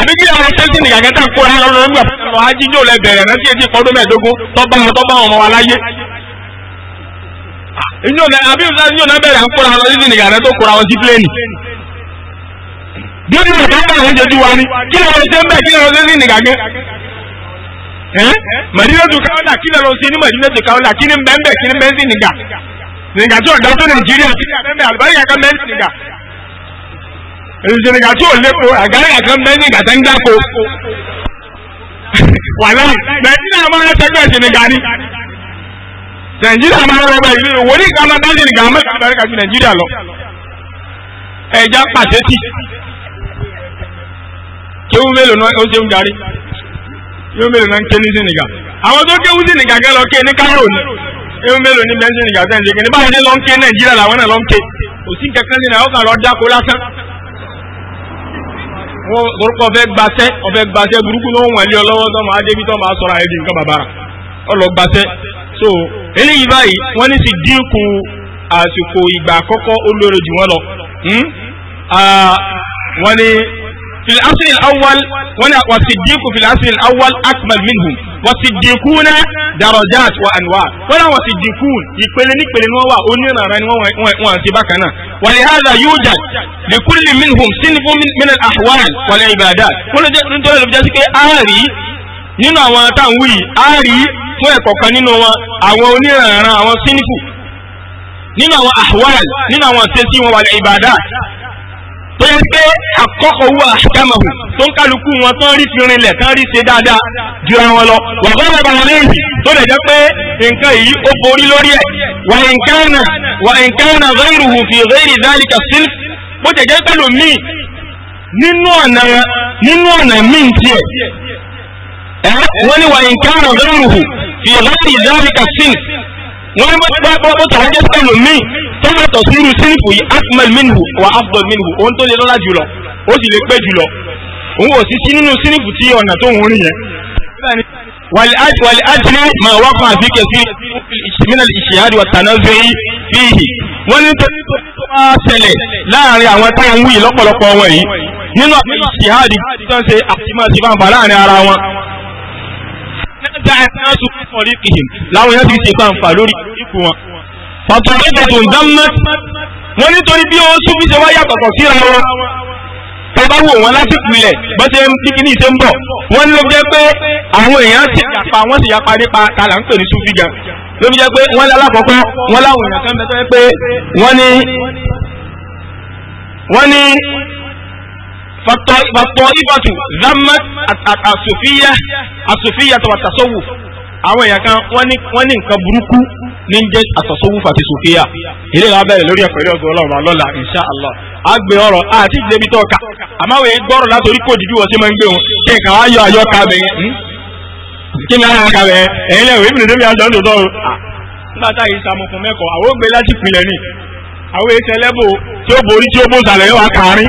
àbí kí àwọn ṣe sí nìkan kẹta kóra lọ́dọ̀ nígbà lọ hajj yóò lẹ bẹ̀rẹ̀ náà sí etí ìpọ́dún mẹ́ẹ̀ẹ́dógún tọ́ba wọn tọ́ba wọn ọmọ wa láyé. àbí yóò náà bẹ̀rẹ̀ àkóra lọ sí nìkan rẹ tó kóra wọn sí pléènì. bí ó ti bẹ̀rẹ̀ káńtà àwọn jẹjú wa ni kí ló ṣe ń bẹ̀ kí ló ṣe sí nìkan gẹ́. mẹ̀dínlẹ́tù káwọ́dà kí ló ṣe ni bẹ́ẹ̀ bẹ́ẹ̀ kí ni bẹ́ẹ̀ sí nìkan nìkan tí ọ̀dọ́ tó nàìjíríà ti ní àbẹ́bẹ́ àlùbáríkà èsìsìnì gàtí ò lé àgàlẹ́gà kan bẹ́ẹ̀ ní gàtẹ́ ń dáko [laughs] wàlá nàìjíríà máa ń tẹ́gbẹ́ ìsìnìgà ni nàìjíríà máa ń rọgbà ìlú wòlí ìkàmọ́ bá ìsìnìgà amẹ́ríkà amẹ́ríkà ju nàìjíríà lọ ẹ̀já pàṣẹtì kéwú mélòó náà ó ṣe ń darí kéwú mélòó náà ń ké ní ìsìnìgà àwọn tó kéwú ìsìnìgà gẹ́ lọ ké ní káyọ̀ ni kéwú mélòó ní bẹ́ẹ̀ ìsìnìgà tẹ̀ ń ṣe kí ní báyìí ní lọ́n ké nàìjíríà làwọn náà lọ́n ké òsì kankan ní náà ó kà lọ dáko lásán orúkọ ọfẹ gbasẹ ọfẹ gbasẹ burúkú ló ń wọlé ọ lọ́wọ́ tó máa tó máa sọ̀rọ̀ àyè di nǹkan bàbàrà ọlọ gbasẹ so eléyìí báyìí wọn ní sì dínkù àsìkò ìgbà àkọ́kọ́ olóró jù wọn lọ hmm? wọn ní filasiri awal wọn ní wàsí dínkù awal akmal minhum wasidikuna darajat wa anwa wọn àwọn sidikun ìpele nípele ni wọn wà onírànra ni wọn àti bákan náà wàlẹ̀ hàdà yóò jà lèkúlì minhum sínú min al-ahwal wàlẹ̀ ìbàdà wọn lọ jẹ́ lọ́jọ́ sí pé ààrí nínú àwọn táwọn wuyì ààrí fún ẹ̀kọ́ kan nínú wọn àwọn onírànra àwọn sínífù nínú àwọn ahwal nínú àwọn sẹ́sí wọn wàlẹ̀ ìbàdà tó yẹ pé àkọ́kọ́ wà àkàmọ̀hù tó ń kálukú wọn tán rí fi rinlẹ̀ tán rí ṣe dáadáa ju ara wọn lọ wà bá bàbá wọn lẹ́yìn tó lè jẹ́ pé nǹkan yìí ó borí lórí ẹ̀ wà nǹkanà wà nǹkanà ghayruhu fi ghayri dhalika sílf bó tẹ̀ pẹ̀lú míì nínú ọ̀nà nínú ọ̀nà míì tiẹ̀ ẹ̀ wọ́n ní wà nǹkanà ghayruhu fi ghayri dhalika sílf wọ́n ní bọ́ bó tàwọn jẹ́ sẹ́nu mi tó yàtọ̀ sí irú sínfù yìí akmal minhu wa afdal minhu òun tó lè lọ́lá jùlọ ó sì lè pẹ́ jùlọ òun ò sì sí nínú sínfù tí ọ̀nà tó ń rìn yẹn. wàlíájìlì máa wá fún àfikẹ́ sí ìṣìmínà ìṣìyàdì ọ̀tàná fẹ́yì fíìhì wọ́n ní tó bá ṣẹlẹ̀ láàrin àwọn táwọn ń wúyì lọ́pọ̀lọpọ̀ wọn nínú àfikẹ́ ìṣìyàdì dá ẹ̀sán sùn fún ọ̀rí kìhìn láwọn yẹn ti ṣe pàǹfà lórí ipò wọn. pàtó ẹ̀jẹ̀ tó ń dáná wọn nítorí bí ó sún fíṣe wáyà kọ̀kọ̀ síra wọn tó bá wọn lásìkò ilẹ̀ bó ṣe ń bí kíní ṣe ń bọ̀ wọn ló jẹ́ pé àwọn èèyàn ti yàpa wọn sì yàpa nípa ta ń pè ní sufi gan ló fi jẹ́ pé wọn lé alákọ̀ọ́kọ́ wọn láwọn èèyàn kan bẹ fàtọ̀ìfàtù zamat àsòfíyà àsòfíyà tó wà tasọ́wù àwọn èèyàn kan wọ́n ní nǹkan burúkú ní jẹ́ àtọ̀sọ́wù fàti sòfíyà ilé ìlà bẹ̀rẹ̀ lórí ẹ̀kọ́ ilé ọgọ́ ọlọ́run lọ́la insha Allah àgbè ọ̀rọ̀ àti ìdílé bíi tọ́ka àmáwò yìí gbọ́rọ̀ látòrí kò dídú wọ́n sí máa ń gbé wọn kí nǹkan á yọ àyọ ká bẹ̀yẹn hmm? kí ni àyọ ká bẹ̀yẹn ẹ̀yin lẹ́wọ̀ ibi nìdébí àjọ ọ̀dọ̀ tọ́run nígbà táyì sàmùkùn mẹ́kọ̀ọ́ àwọn ògbé láti pìlẹ̀ ni àwọn ètò ẹlẹ́bù tí ó borí tí ó bó sàlẹ̀ yóò wá kàárín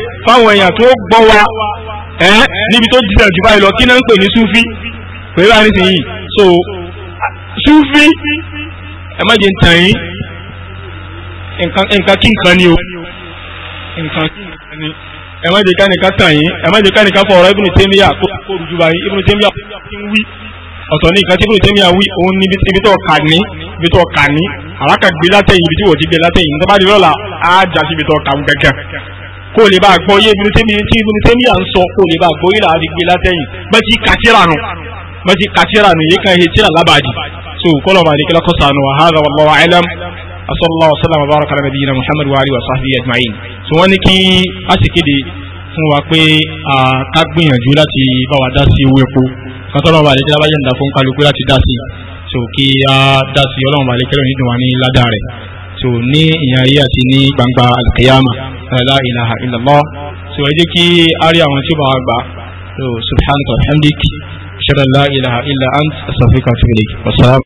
fáwọn èèyàn tó gbọ́ wa ẹ́ níbi tó jìnà jù báyìí lọ kí náà ń pè ní súfí pé bá ní so súfí ẹ má jẹ́ ń tàn yín nǹkan kí nǹkan ni o nǹkan kí nǹkan ni ẹ má jẹ́ káni ká tàn yín ẹ má jẹ́ káni ká fọ̀rọ̀ Ibn Taymiyyah kó rújú báyìí Ibn Taymiyyah ti ń wí ọ̀tọ̀ ní nǹkan tí Ibn Taymiyyah wí òun ní ibi tó kà ní ibi tó kà ní àlákàgbé látẹ̀yìn ibi tí wò ti gbé látẹ̀yìn nítorí bá di lọ́la á jà sí ibi tó kà ń gẹ́gẹ́ kó lè bá gbọ́ yé ibi tí ibi tẹ́mi à ń sọ kó lè bá gbọ́ yé làá fi gbé látẹ̀yìn mẹ́tì kàtírà nù mẹ́tì kàtírà nù yé kan hejira labadi so kọ́lọ̀ bá nìkẹ́lẹ́ kọ́ sànù wa hadha wallahu a'lam asọ́lá wa sálàmù bá rakàlà nàbí yìnyín muhammad wa alihi wa sahbihi ajma'in so wọ́n ní kí a sì kéde fún wa pé a ká gbìyànjú láti bá wa dá sí owó epo kátọ́lọ́ bá nìkẹ́lẹ́ bá yẹn dà fún kálukú láti dá sí so kí a dá sí ọlọ́run bá nìkẹ́lẹ́ so ní ìyàn ayé àti ní gbangba alkiyama la ilaha illallah so ẹ jẹ́ kí a rí àwọn tí ó bá wà gbà so subhanaka wa hamdik shada la ilaha illa ant astaghfiruka wa atubu ilayk wa salam